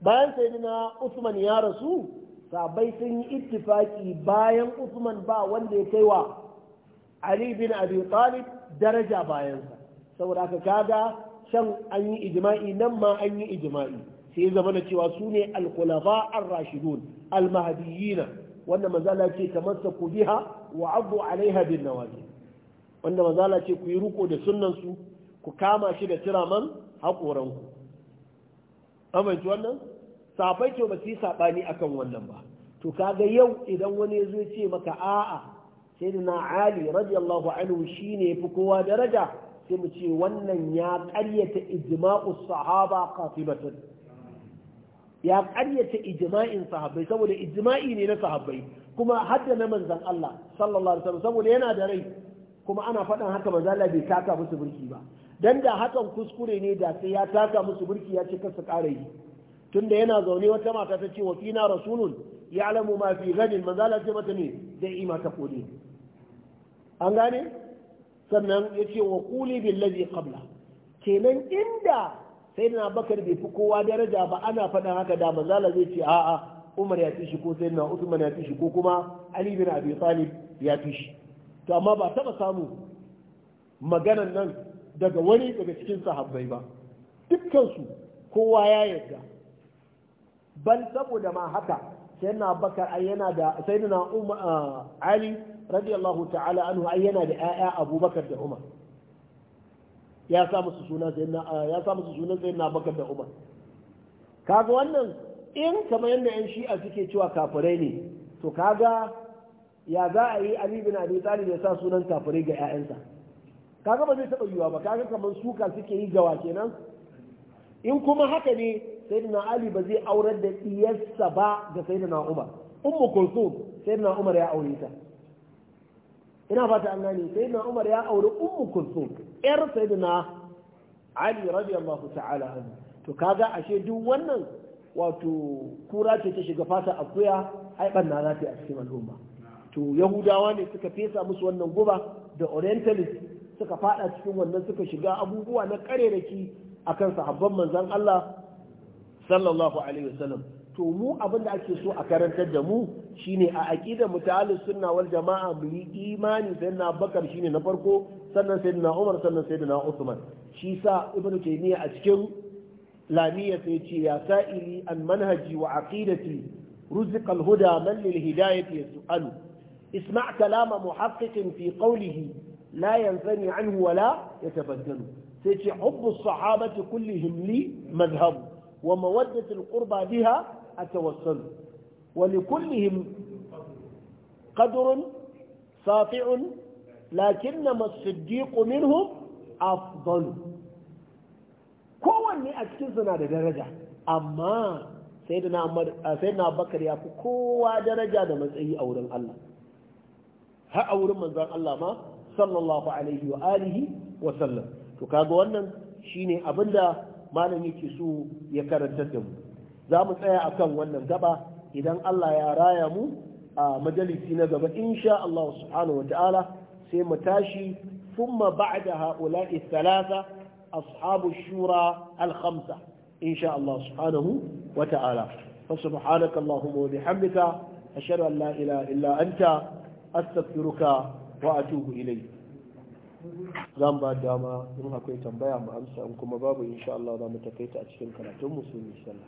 bayan sayyidina Usman ya rasu sabai sun yi ittifaki bayan Usman ba wanda ya kai wa Ali bin Abi Talib daraja bayansa saboda haka kaga can an yi ijma'i nan ma an yi ijma'i sai zama na cewa su ne al-khulafa ar-rashidun al-mahdiyina wanda mazala ce tamassaku biha wa abu alaiha bin nawazi wanda mazala ce ku yi ruko da sunnan su ku kama shi da tiraman haƙoranku amince wannan safai ke ba su yi a akan wannan ba to kaga yau idan wani ya zo ce maka a'a sai da na ali radiyallahu anhu ya fi kowa daraja sai mu ce wannan ya ƙaryata ijma'u sahaba qatibatan ya ƙaryata ijma'in sahabai saboda ijma'i ne na sahabai. kuma hadda na manzon Allah sallallahu alaihi wasallam saboda yana da rai kuma ana faɗan haka manzo bai taka musu burki ba dan da hakan kuskure ne da sai ya taka musu burki ya ce kar su ƙara yi tunda yana zaune wata mata ta ce wa fina rasulun alamu ma fi gani manzo ce mata ne dai ima ta kode an gane sannan ya wa kuli bil ladhi kabla kenan inda sai na bakar bai fi kowa daraja ba ana faɗin haka da manzo zai ce a'a Umar ya fi shi ko na Usman ya fi shi ko kuma Ali bin Abi Talib ya fi shi to amma ba taba samu maganan nan daga wani daga cikin sahabbai ba Dukkansu kowa ya yarda bal saboda ma haka sai na bakar ai yana da sai na ah, ali radiyallahu ta'ala anhu ai yana da ƴaƴa abubakar da umar ya sa musu sunan sai na ah, ya sa musu sunan sai na bakar da umar kaga wannan in kamar yadda yan shi'a suke cewa kafirai ne to kaga ya za a yi ali bin abi talib ya sa sunan kafirai ga ƴaƴansa kaga ba zai taɓa yiwuwa ba kaga kamar suka suke yi gawa kenan in kuma haka ne sayyidina ali ba zai aurar da diyarsa ba ga sayyidina umar ummu kulthum sayyidina umar ya aure ta ina fata an gane sayyidina umar ya aure ummu kulthum yar sayyidina ali radiyallahu ta'ala anhu to kaga ashe duk wannan wato kura ce ta shiga fata akuya ai ban za ta yi a cikin al'umma to yahudawa ne suka fesa musu wannan guba da orientalist suka fada cikin wannan suka shiga abubuwa na kare ki? akan sahabban manzon Allah sallallahu alaihi wasallam to mu abin da ake so a karantar da mu shine a aqidar mutahallis sunna wal jama'a mu yi imani sayyidina bakar shine na farko sannan sayyidina umar sannan sayyidina usman shi sa ibnu taymiya a cikin lamiya sai ce ya sa'ili an manhaji wa aqidati ruzqal huda man lil hidayati yasalu isma' kalam muhaqqiqin fi qawlihi la yanzani anhu wala yatabaddalu sai ce hubbu sahabati kullihim himli madhhabu ومودة القربى بها أتوسل ولكلهم قدر safi'un, لكنما الصديق منهم أفضل kowanne a cikin suna da daraja amma na bakar ya fi kowa daraja da matsayi a wurin Allah har a wurin manzan Allah ma sallallahu alaihi wa alihi wa sallam to kaga wannan shine abinda malam yake so ya karantar da mu za mu tsaya akan wannan gaba idan Allah ya raya mu a majalisi na gaba insha Allah subhanahu ta'ala sai mu tashi thumma ba'da ha'ula'i thalatha ashabu shura al-khamsa insha Allah subhanahu wata'ala fa subhanaka allahumma wa bihamdika ashhadu an la ilaha illa anta astaghfiruka wa atubu ilayk zan ba dama in akwai tambaya mu amsa in kuma babu insha Allah za mu takaita a cikin karatun insha sallah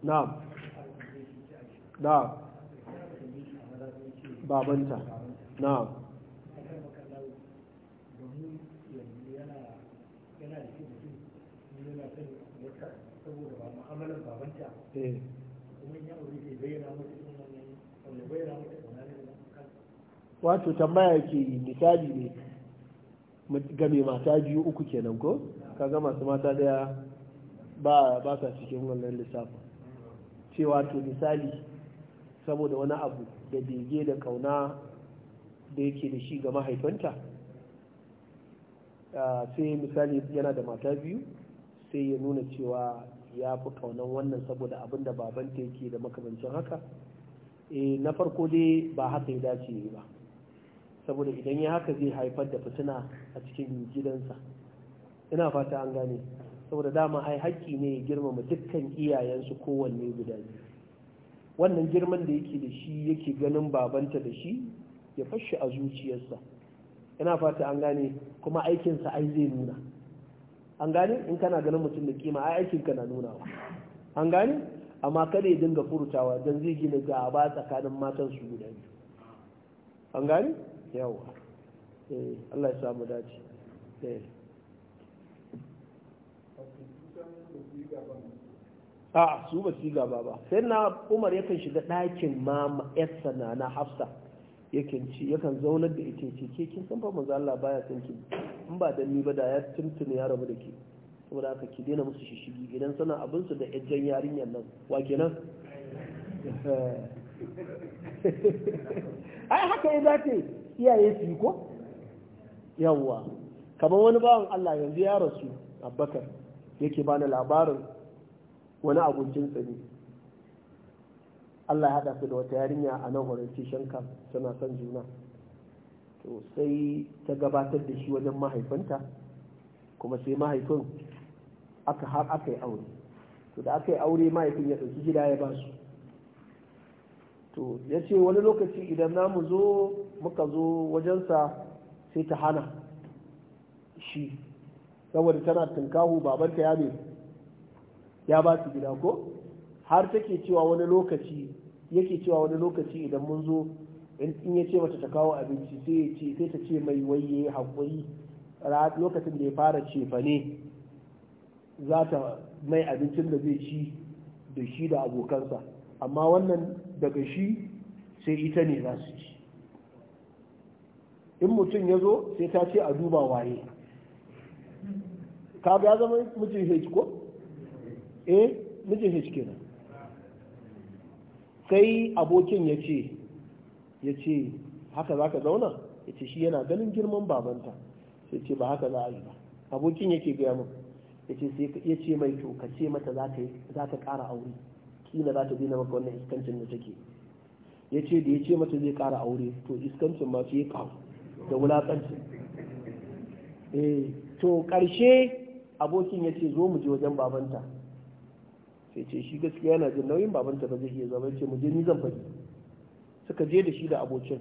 na'am na'am na'am babanta na'am Eh. wato tambaya ke misali ne ga mai mata biyu uku kenan ko kaga masu mata daya ba ba sa cikin wannan lissafin cewa to misali saboda wani abu da bege da kauna da yake da shi ga mahaifanta ah, sai misali yana da mata biyu sai ya nuna cewa ya fi kaunan wannan saboda abin da babanta yake da makamancin haka e na farko dai ba haka ya dace ba saboda idan ya haka zai haifar da fitina a cikin gidansa ina fata an gane saboda dama ai haƙƙi ne ya girmama dukkan iyayensu kowanne guda biyu wannan girman da yake da shi yake ganin babanta da shi ya fashe a zuciyarsa ina fata an gane kuma aikinsa ai zai nuna an gani in kana ganin mutum da kima a aikin ka na nuna an gani amma kada ya dinga furtawa don zai gina gaba tsakanin matan su guda biyu an gani yawa eh Allah ya samu dace eh a su ba su gaba ba sai na umar yakan shiga ɗakin ma yarsa na na hafsa yakan ci yakan zaunar da ita ce ke kin san fa manzo Allah baya san ki in ba da ni ba da ya tuntune ya rabu da ke saboda haka ki daina musu shishigi idan suna abin su da ejjan yarinyar nan wa kenan <laughs> ai haka ya zace iyaye su ko yawwa kamar wani bawan Allah yanzu ya rasu Abubakar yake bani labarin wani abincin tsani Allah ya haɗa su da wata yarinya a nan orientation camp tana son juna to sai ta gabatar da shi wajen mahaifinta kuma sai mahaifin aka har aka yi aure to da aka yi aure mahaifin ya ɗauki gida ya basu su to ya ce wani lokaci idan namu zo muka zo wajensa sai ta hana shi saboda tana tunkahu babanta ya ne ya ba su gida ko har take cewa wani lokaci yake cewa wani lokaci idan mun zo in ya ce mata ta kawo abinci sai ya ce sai ta ce mai waye haƙuri lokacin da ya fara cefa ne za ta mai abincin da zai ci da shi da abokansa amma wannan daga shi sai ita ne za su ci in mutum ya zo sai ta ce a duba waye kaga ya zama mijin h ko eh mijin h kenan sai abokin ya ce ya ce haka za ka zauna ya ce shi yana ganin girman babanta sai ce ba haka za a yi ba abokin yake gaya min ya ce sai ya ce mai to ka ce mata za ta ƙara aure kila za ta daina maka wannan iskancin da take ya ce da ya ce mata zai ƙara aure to iskancin ma ce ya da wulaƙancin eh to ƙarshe abokin ya ce zo mu je wajen babanta sai ce shi gaskiya yana jin nauyin babanta ba zai iya zama ce mu je ni zan faɗi suka je da shi da abokin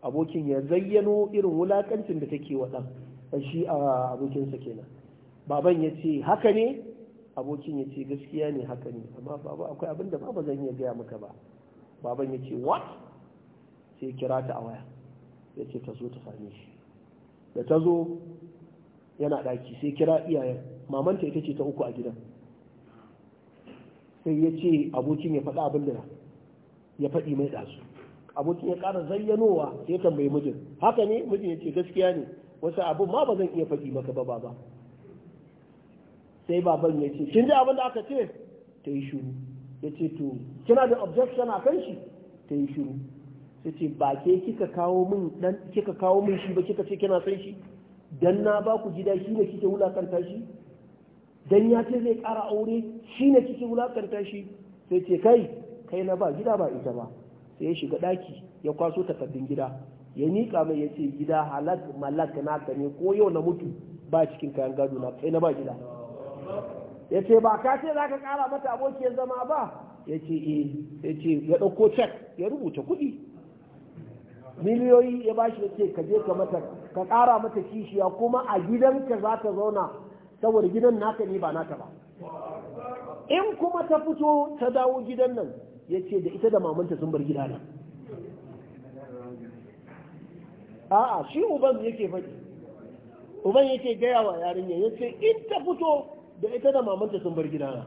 abokin ya zayyano irin wulakancin da take wa ɗan shi a abokinsa kenan baban ya ce haka ne abokin ya ce gaskiya ne haka ne amma baba akwai abin da ba zan iya gaya maka ba baban ya ce what sai kira ta a waya ya ce ta zo ta same shi da ta zo yana ɗaki sai kira iyayen mamanta ita ce ta uku a gidan sai ya ce abokin ya faɗa abin da ya faɗi mai ɗazu abokin ya ƙara zayyanowa ya tambayi mijin haka ne mijin ya ce gaskiya ne wasu abin ma ba zan iya faɗi maka ba ba sai baban ya ce kin ji abin da aka ce ta yi shuru ya ce to kina da objection a kan shi ta yi shuru ya ce ba ke kika kawo min kawo min shi ba kika ce kina san shi dan na ba ku gida shi ne kike wulakanta shi dan ya ce zai kara aure shi ne cikin wulakanta shi sai ce kai kai na ba gida ba ita ba sai ya shiga ɗaki ya kwaso takardun gida ya nika mai ya ce gida halak malak na ka ne ko yau na mutu ba cikin kayan gado na kai na ba gida ya ce ba ka ce za ka ƙara mata abokin zama ba ya ce eh ya ce ya ɗauko cek ya rubuta kuɗi miliyoyi ya ba shi ya ce ka je ka mata ka ƙara mata kishiya kuma a gidanka za ta zauna saboda gidan naka ne ba naka ba in kuma ta fito ta dawo gidan nan ya ce da ita da mamanta sun bar gida nan a'a shi uban yake faɗi uban yake gaya wa yarinya ya ce in ta fito da ita da mamanta sun bar gida nan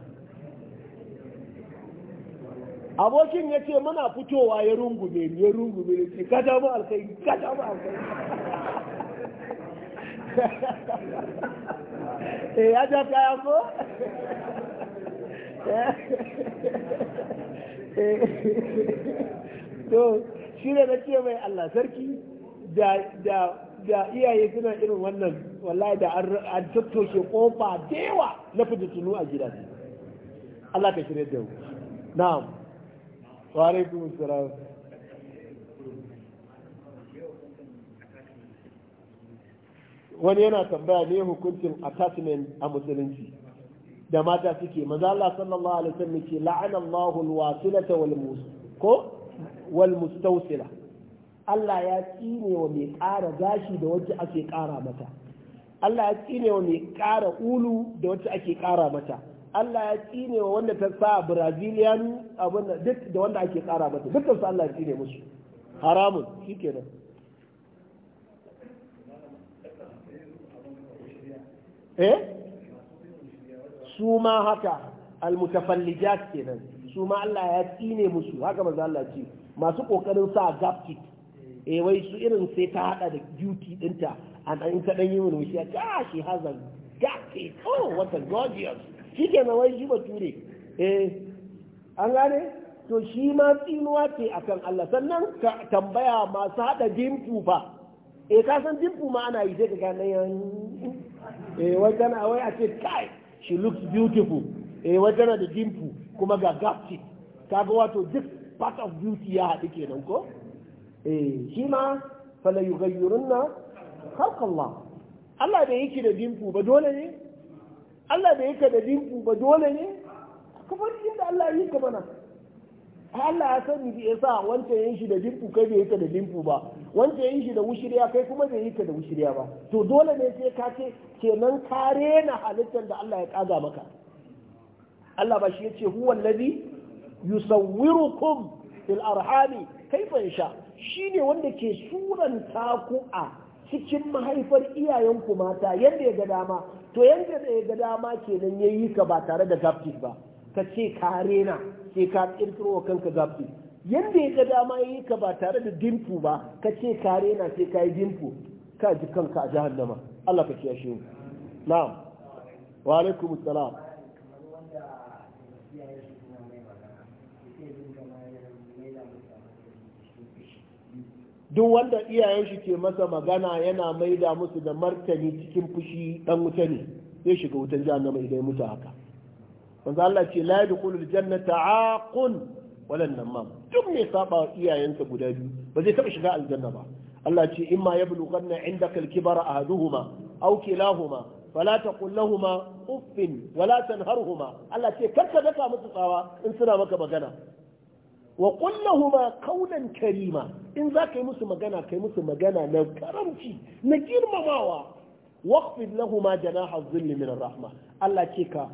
abokin ya ce muna fitowa ya rungume ni ya rungume ni ce kada damu alkai kada damu alkai <laughs> eh ya ja kaya ko eh, to shi ne na ce mai Allah sarki da iyaye suna irin wannan wallahi da an tattoshe kofa da yawa na fitattunu a gida Allah ka shirya da mu na'am wa alaikum assalam wani yana tambaya ne hukuncin attachment a musulunci da mata suke maza Allah sallallahu alaihi wasallam ce la'ana Allahu alwasilata wal ko wal mustawsila Allah ya tsine wa mai ƙara gashi da wacce ake ƙara mata Allah ya tsine wa mai ƙara ulu da wacce ake ƙara mata Allah ya tsine wa wanda ta sa Brazilian abin duk da wanda ake ƙara mata dukkan su Allah ya tsine musu haramun shikenan eh su ma haka almutafallijat kenan su ma Allah ya tsine musu haka manzo Allah ce masu kokarin sa gaptic eh wai su irin sai ta hada da duty dinta an an ka dan yi mun ya ka ah, shi she has a oh what a gorgeous na wai shi bature eh an gane to shi ma tsinuwa ce akan Allah sannan ka tambaya masu hada dimpu fa e ka san dimpu ma ana yi sai ka gane yan e eh, wajen a wai a ce kai she looks beautiful e eh, wajen da dimpu kuma ga gap teeth kaga wato duk part of beauty ya haɗu kenan ko e shi ma fala harkar khalqallah Allah da yake da dimpu ba dole ne Allah da yake da dimpu ba dole ne ka fari da Allah yi ka bana Allah ya sani bi yasa wancan yin shi da dimfu kai bai yi ka da dimfu ba wancan yin shi da wushiriya kai kuma bai yi ka da wushiriya ba to dole ne sai ka ce kenan ka rena halittar da Allah ya kaga maka Allah ba shi ya ce huwa allazi yusawwirukum fil arhami kaifa yasha shine wanda ke suranta ku a cikin mahaifar iyayenku mata yadda ya ga dama to yanda ya ga dama kenan yayi ka ba tare da gaftis ba ka ce ka rena sai ka kirkiro wa kanka gafi yanda ya ga dama yi ka ba tare da dimfu ba ka ce ka rena sai ka yi dimfu ka ji kanka a jahannama Allah ka shi mu na'am wa alaikum salam duk wanda iyayen shi ke masa magana yana maida musu da martani cikin fushi dan wuta ne zai shiga wutan jahannama idan ya mutu haka manzo Allah ce la yadkhulul jannata aqun nan namam duk mai saba iyayensa guda biyu ba zai taɓa shiga aljanna ba Allah ce imma inda indaka bara kibara ahaduhuma aw kilahuma fala taqul lahumu uffin wala harhuma Allah ce karka daka musu tsawa in suna maka magana wa kullahuma lahumu karima in za ka yi musu magana kai musu magana na karamci na girmamawa waqfid lahuma janaha dhilli min ar-rahma Allah ce ka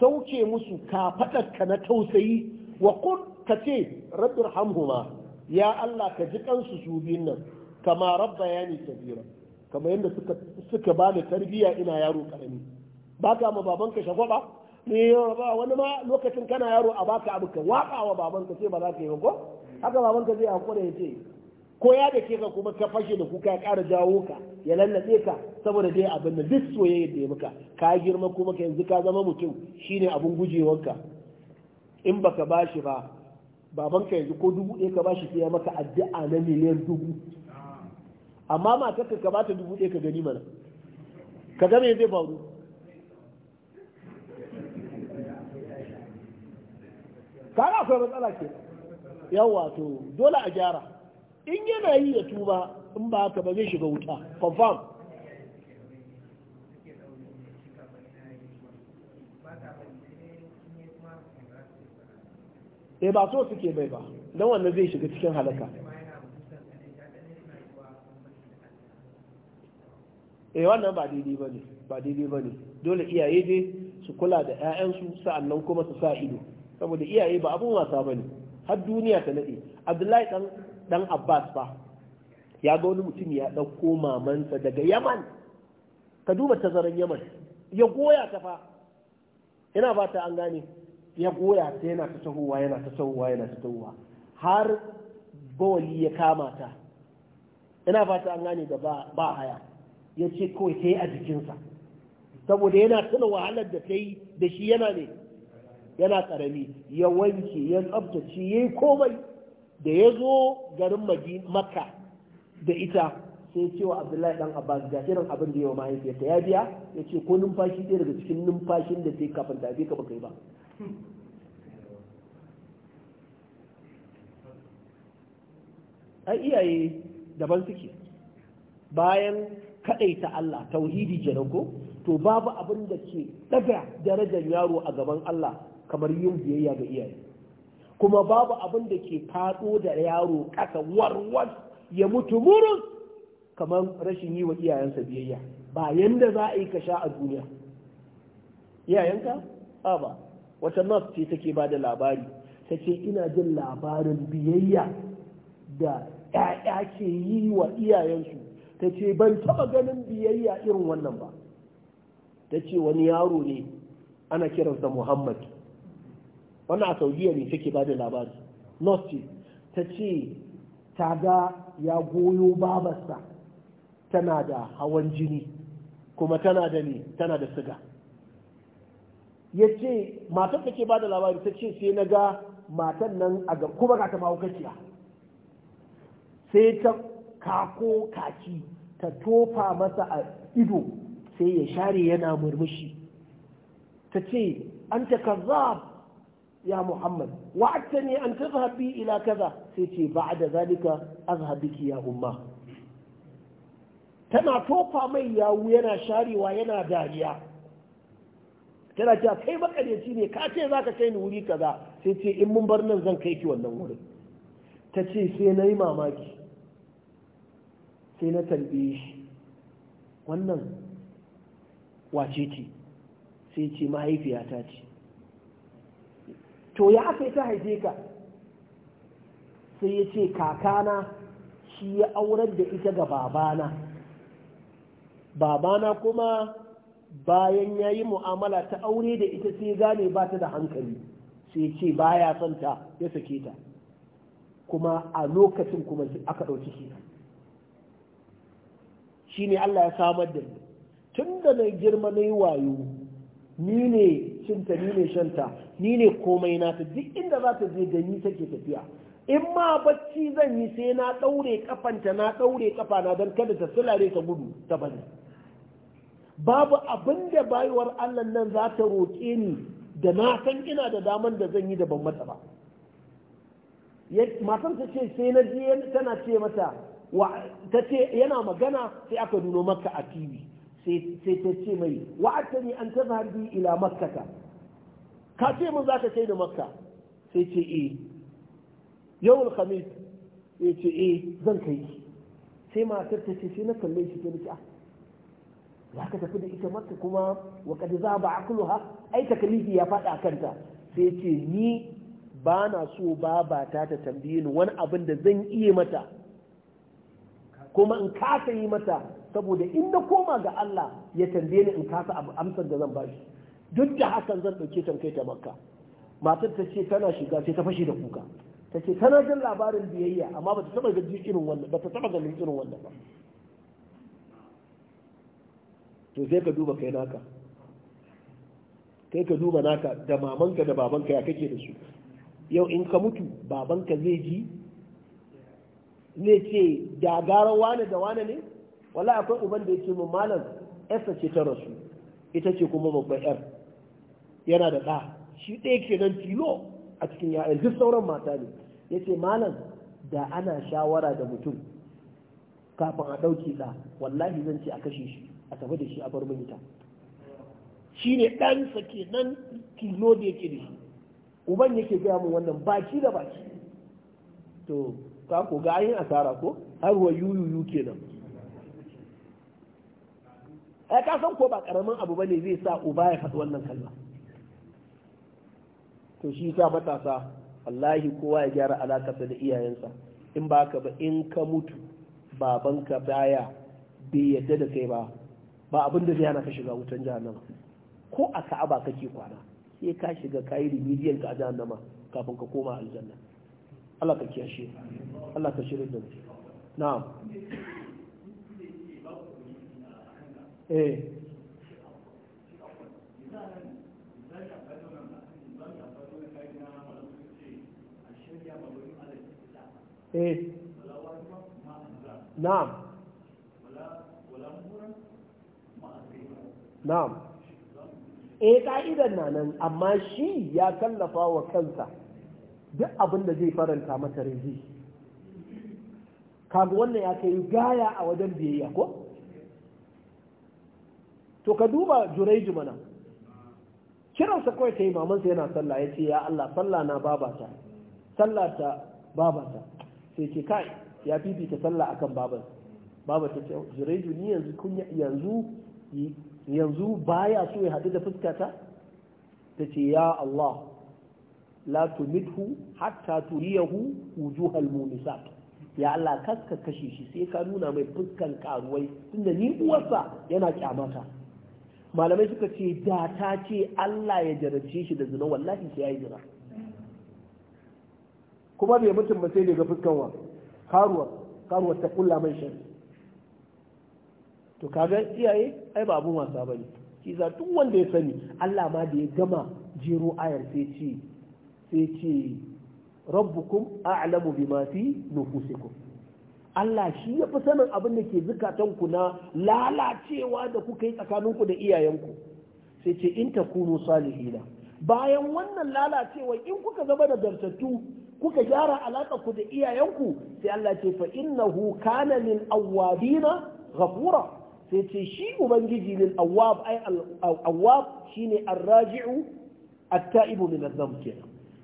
sauke musu kafaɗarka na tausayi wa kun ka ce rabbir hamhuma ya Allah ka ji kansu su biyun nan kama rabba ya ni kabira kama yadda suka ba ni tarbiyya ina yaro karami ba ka ma babanka shagwaba ne ba wani ma lokacin kana yaro a baka abu ka waka wa babanka sai ba za ka yi ba ko haka babanka zai hakura ya ce ko ya da ke ka kuma ka fashe da kuka ya ƙara jawo ka ya lallace ka saboda dai abin da duk soyayya da ya maka ka girma kuma ka yanzu ka zama mutum shine abin gujewarka in baka bashi ba babanka yanzu ko dubu ɗaya ka bashi sai ya maka addu'a na miliyan dubu amma matarka ka bata dubu ɗaya ka gani mana ka ga me zai faru kana akwai matsala ke yawa to dole a gyara in yana yi ya tuba in ba haka ba zai shiga wuta confirm eh ba so suke bai ba don wannan zai shiga cikin halaka eh wannan ba daidai ba ne ba daidai ba ne dole iyaye dai su kula da 'ya'yansu sa'annan kuma su sa ido saboda iyaye ba abun wasa ba ne har duniya ta nade abdullahi dan dan Abbas ba ya ga wani mutum ya ɗauko mamansa daga Yaman ka duba tazaran Yaman ya goya ta fa ina ba ta an gane ya goya ta yana ta tahowa yana ta tahowa yana ta tahowa har bawali ya kama ta ina ta an gane da ba haya ya ce kawai ta yi a jikinsa saboda yana tuna wahalar da ta yi da shi yana ne yana karami ya wanke ya tsabtace ya yi komai da ya zo garin makka da ita sai ce wa abdullahi dan abbas ga irin abin da yawa mahaifiyarta ya biya ya ce ko numfashi ɗaya daga cikin numfashin da ta kafin ta ka baka yi ba ai iyaye daban suke bayan ta Allah tauhidi wahidi ko to babu abin da ke daga darajar yaro a gaban Allah kamar yin biyayya ga iyaye kuma babu abin da ke faɗo da yaro kaka warwar ya mutu murus kamar rashin yi wa iyayensa biyayya ba yanda za a yi ka sha a duniya iyayenka ba ba wata nas ce take ba da labari ta ce ina jin labarin biyayya da ‘ya'ya ke yi wa iyayensu ta ce ban taɓa ganin biyayya irin wannan ba ta ce wani yaro ne ana kiransa muhammad wannan a saudiya ne take ba da labari ce ta ce ta ga ya goyo babarsa tana da hawan jini kuma tana da ne tana da siga ya ce matan da ke ba da labari ta ce sai na ga matan nan a gaba kuma ga ta mahaukaciya sai ta kako kaki ta tofa masa a ido sai ya share yana murmushi ta ce an ta kazzab يا محمد وعدتني أن تذهب بي kaza كذا سيتي بعد ذلك أذهب بك يا أمه تنا توفى مي يا وينا شاري وينا داريا tana cewa kai makaryaci ne ka ce za ka kai ni wuri kaza sai ce in mun bar nan zan kai ki wannan wurin ta ce sai na yi mamaki sai na tarbiye shi wannan wace ce sai ce mahaifiyata ce to ya aka ta haife ka sai ya ce kakana shi ya aurar da ita ga babana babana kuma bayan ya yi mu'amala ta aure da ita sai gane ba ta da hankali sai ya ce baya son ta ya sake ta kuma a lokacin kuma aka ɗauki shi shi ne Allah ya samar da ni tun da na girma na yi wayo ni ne cinta ni ne shanta ni ne komai na ta duk inda za ta je da ni take tafiya in ma bacci zan yi sai na ɗaure kafanta na ɗaure kafa na don kada ta sulare ta gudu ta bane babu abin da bayuwar Allah nan za ta roƙe ni da na san ina da daman da zan yi da ban mata ba matan ta ce sai na je tana ce mata ta ce yana magana sai aka nuno maka a tv sai ta ce mai wa'atani an tazhar bi ila makkata ka ce mun za ka kai da makka sai ce e eh. yawon khamis ya ce e zan kai sai matar ta ce sai na kalle shi ta nake ah, za ka tafi da ita makka kuma wa kad za ba akluha ai takalifi ya faɗa kanta sai ce ni ba na so babata ta tambaye ni wani abin da zan iya mata kuma in kasa yi mata saboda in na koma ga Allah ya tambaye ni in kasa amsar da zan bashi duk da hakan zan ɗauke ta kai ta makka matar ta ce tana shiga sai ta fashe da kuka ta ce tana jin labarin biyayya amma ba ta taɓa ganin irin wannan ba ta taɓa ganin irin wannan ba to sai ka duba kai naka kai ka duba naka da mamanka da babanka ya kake da su yau in ka mutu babanka zai ji ne ce da gara wane da wane ne wallahi akwai uban da ya ce mu malam ce ta rasu ita ce kuma babbar yar yana da ɗa shi ɗaya ke nan tilo a cikin ya'yan duk sauran mata ne ya ce malam da ana shawara da mutum kafin a ɗauki ɗa wallahi zan ce a kashe shi a tafi da shi a bar mahita shi ne ɗansa ke nan tilo da yake da shi uban yake gaya min wannan baki da baki to ka ko ga ayin asara ko har wa yuyuyu kenan ai ka san ko ba karamin abu ne zai sa uba ya faɗi wannan kalma to shi sa matasa wallahi kowa ya gyara alakarsa da iyayensa in ba ka ba in ka mutu babanka baya bai yadda da kai ba ba abin da zai hana ka shiga wutan jahannama ko a ka'aba kake kwana sai ka shiga kayi remedial ka a jahannama kafin ka koma aljanna Allah ka kiyashe Allah ka shirin da na'am eh eh نعم na'am eh ka'idan na nan amma shi ya tallafa wa kansa duk abin da zai faranta mata rizi kaga wannan ya kai gaya a wajen biyayya ko to ka duba juraiju mana kiransa kawai ta yi mamansa yana sallah ya ya Allah sallah na babata sallah ta babata sai ce kai ya fifita sallah akan baban baban ta ce jireju ni yanzu yanzu yanzu baya so ya hadu da fuskata ta ce ya Allah la tumithu hatta turiyahu wujuhal munisat ya Allah kaska kashe shi sai ka nuna mai fuskan karuwai tunda ni uwarsa yana kyamata malamai suka ce da ta ce Allah ya jarace shi da zina wallahi sai ya yi zina kuma bai mutum ba sai daga fuskan wa karuwa karuwa ta kulla mai shan to kaga iyaye ai ba abun wasa bane shi za duk wanda ya sani Allah ma da ya gama jero ayar sai ce sai ce rabbukum a'lamu bima fi nufusikum Allah shi ya fi sanin abin da ke ku na lalacewa da kuka yi tsakaninku da iyayenku sai ce in takunu salihina bayan wannan lalacewa in kuka zama da zartattu kuka gyara alaƙa ku da iyayenku sai Allah ce fa innahu kana lil awwabina ghafura sai ce shi ubangiji lil awwab ai al awwab shine arraji'u at-ta'ibu min adh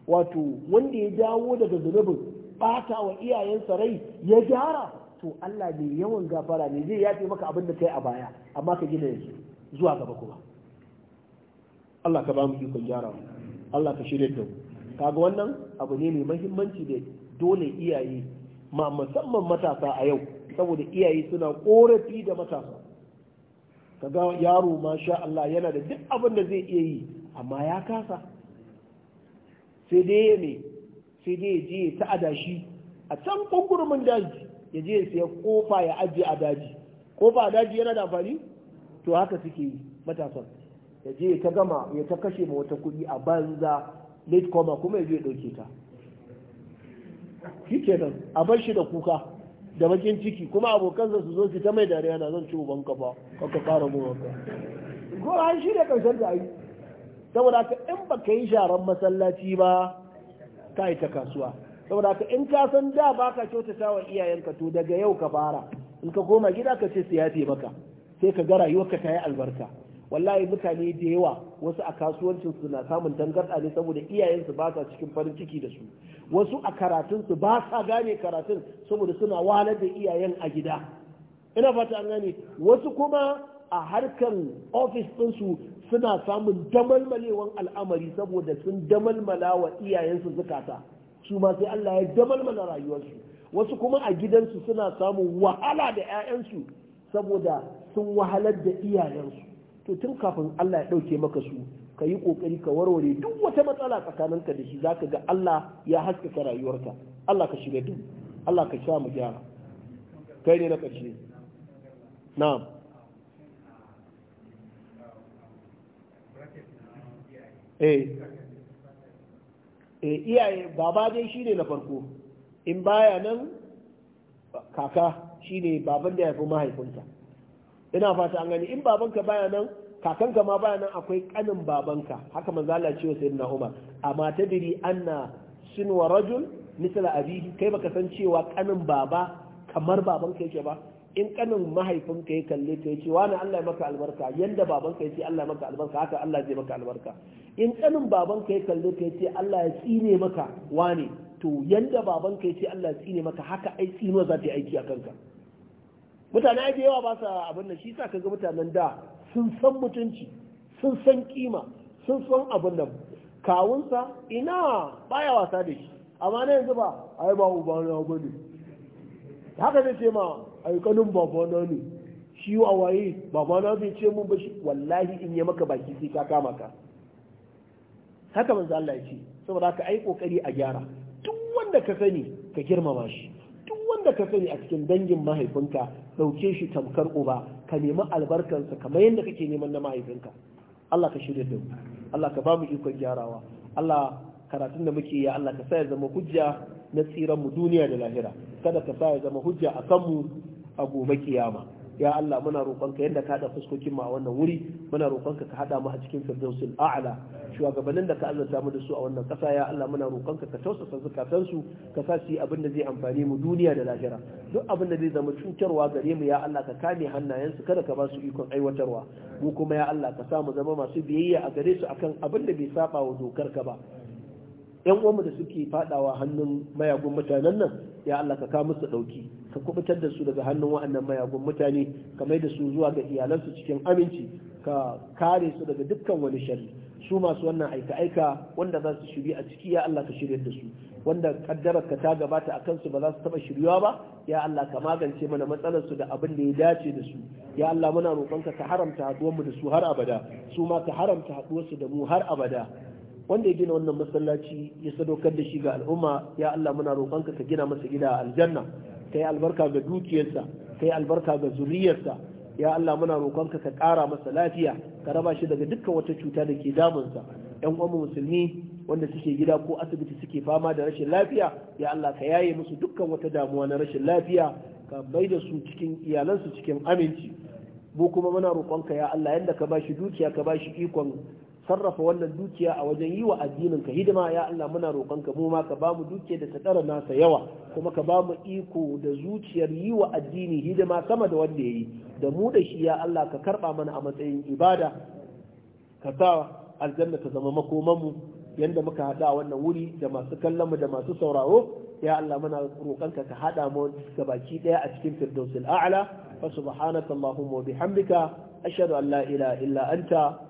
wato wanda ya dawo daga zunubin bata wa iyayensa rai ya gyara to Allah ne yawan gafara ne zai yafe maka abin da kai a baya amma ka gina yanzu zuwa gaba kuma Allah ka ba mu ikon gyara Allah ka shirye da mu kaga wannan abu ne mai mahimmanci da dole iyaye ma musamman matasa a yau saboda iyaye suna korafi da matasa kaga yaro masha Allah yana da duk abin da zai iya yi amma ya kasa sai dai ya ne sai dai ya je ta adashi a can kungurumin daji ya je ya siya kofa ya ajiye a daji kofa a daji yana da amfani to haka suke yi matasan ya je ta gama ya ta kashe ma wata kuɗi a banza late kuma ya ya ɗauke ta shi kenan a bar shi da kuka da bakin ciki kuma abokansa su zo su ta mai dariya na zan ci uban ka ba ka fara gowar ka ko an shi da karshen da ai saboda ka in ba ka yi sharan masallaci ba ka yi ta kasuwa saboda ka in ka san da ba ka kyautata wa iyayenka to daga yau ka fara in ka koma gida ka ce su yafe maka sai ka ga rayuwarka ta yi albarka wallahi mutane da yawa wasu a kasuwancin su na samun dangarda ne saboda iyayensu ba sa cikin farin ciki da su wasu a karatun su ba sa gane karatun saboda suna wahalar da iyayen a gida ina fata an gane wasu kuma a harkan ofis ɗinsu suna samun damalmalewan al'amari saboda sun damalmala wa iyayensu zukata su ma sai Allah ya damalmala rayuwarsu wasu kuma a gidansu suna samun wahala da 'ya'yansu saboda sun wahalar da iyayensu to tun kafin Allah ya ɗauke maka su ka yi ƙoƙari ka warware duk wata matsala tsakaninka da shi za ka ga Allah ya haskaka rayuwarka Allah ka shiga duk Allah ka sha mu gyara kai ne na ƙarshe na'am eh eh iyaye baba dai shine na farko in baya nan kaka shine baban da ya fi mahaifinsa ina fata an gani in babanka baya nan kakanka ma baya nan akwai kanin babanka haka manzo Allah ce wa sayyidina Umar amma tadiri anna wa rajul misla abihi kai baka san cewa kanin baba kamar babanka yake ba in kanin mahaifinka ya kalle ka yace wani Allah ya maka albarka yanda babanka yace Allah ya maka albarka haka Allah zai maka albarka in kanin babanka ya kalle ka yace Allah ya tsine maka wani to yanda babanka yace Allah ya tsine maka haka ai tsino za ta yi aiki a kanka mutane da yawa ba sa abin nan shi sa kaga mutanen da sun san mutunci sun san kima sun san abin nan kawunsa ina baya wasa da shi amma na yanzu ba ai ba uba na haka zai ce ma ai kanin baba ne shi wa waye baba na zai ce mun bashi wallahi in ya maka baki sai ka kama ka haka manzo Allah ya ce saboda haka ai kokari a gyara duk wanda ka sani ka girmama shi wanda ka sani a cikin dangin mahaifinka ɗauke shi tamkar uba ka nemi albarkansa kamar yadda kake neman na mahaifinka Allah ka shirya da Allah ka ba mu ikon gyarawa Allah karatun da muke yi, Allah ka sa ya zama hujja na tsiran mu duniya da lahira kada ka sa ya zama hujja a kanmu a gobe kiyama ya Allah muna roƙonka yadda ka haɗa fuskokin mu a wannan wuri muna roƙonka ka haɗa mu a cikin firdausul a'la shugabannin da ka azanta mu da su a wannan ƙasa ya Allah muna roƙonka ka tausasa zakatan su ka sa su yi abin da zai amfani mu duniya da lahira duk abin da zai zama cutarwa gare mu ya Allah ka kame hannayen su kada ka ba su ikon aiwatarwa mu kuma ya Allah ka sa mu zama masu biyayya a gare su akan abin da bai saba wa dokar ka ba yan uwanmu da suke fadawa hannun mayagun mutanen nan ya Allah ka kawo musu ɗauki. ka kubutar da su daga hannun wa'annan mayagun mutane ka mai da su zuwa ga iyalansu cikin aminci ka kare su daga dukkan wani sharri su masu wannan aika-aika wanda za su shirya a ciki ya Allah ka shirya da su wanda kaddarar ka ta gabata a kansu ba za su taba shiryuwa ba ya Allah ka magance mana matsalar su da abin da ya dace da su ya Allah muna roƙonka ka haramta haduwar mu da su har abada su ma ka haramta haɗuwarsu su da mu har abada wanda ya gina wannan masallaci ya sadaukar da shi ga al'umma ya Allah muna roƙonka ka gina masa gida a aljanna kai albarka ga dukiyarsa kai albarka ga zuriyarsa ya Allah muna roƙonka ka ƙara masa lafiya ka raba shi daga dukkan wata cuta da ke damunsa ƴan uwan musulmi wanda suke gida ko asibiti suke fama da rashin lafiya ya Allah ka yaye musu dukkan wata damuwa na rashin lafiya ka bai da su cikin iyalansu cikin aminci mu kuma muna roƙonka ya Allah yanda ka bashi dukiya ka ba shi ikon sarrafa wannan dukiya a wajen yi wa addinin ka hidima ya Allah muna roƙonka mu ma ka bamu dukiya da ta tsara nasa yawa kuma ka bamu iko da zuciyar yi wa addini hidima sama da wanda ya yi da mu da shi ya Allah ka karɓa mana a matsayin ibada ka sa aljanna ta zama makomanmu yanda muka hada a wannan wuri da masu kallon mu da masu sauraro ya Allah muna roƙonka ka haɗa mu gabaki ɗaya a cikin firdausul a'la fa subhanaka allahumma wa bihamdika ashhadu an la ilaha illa anta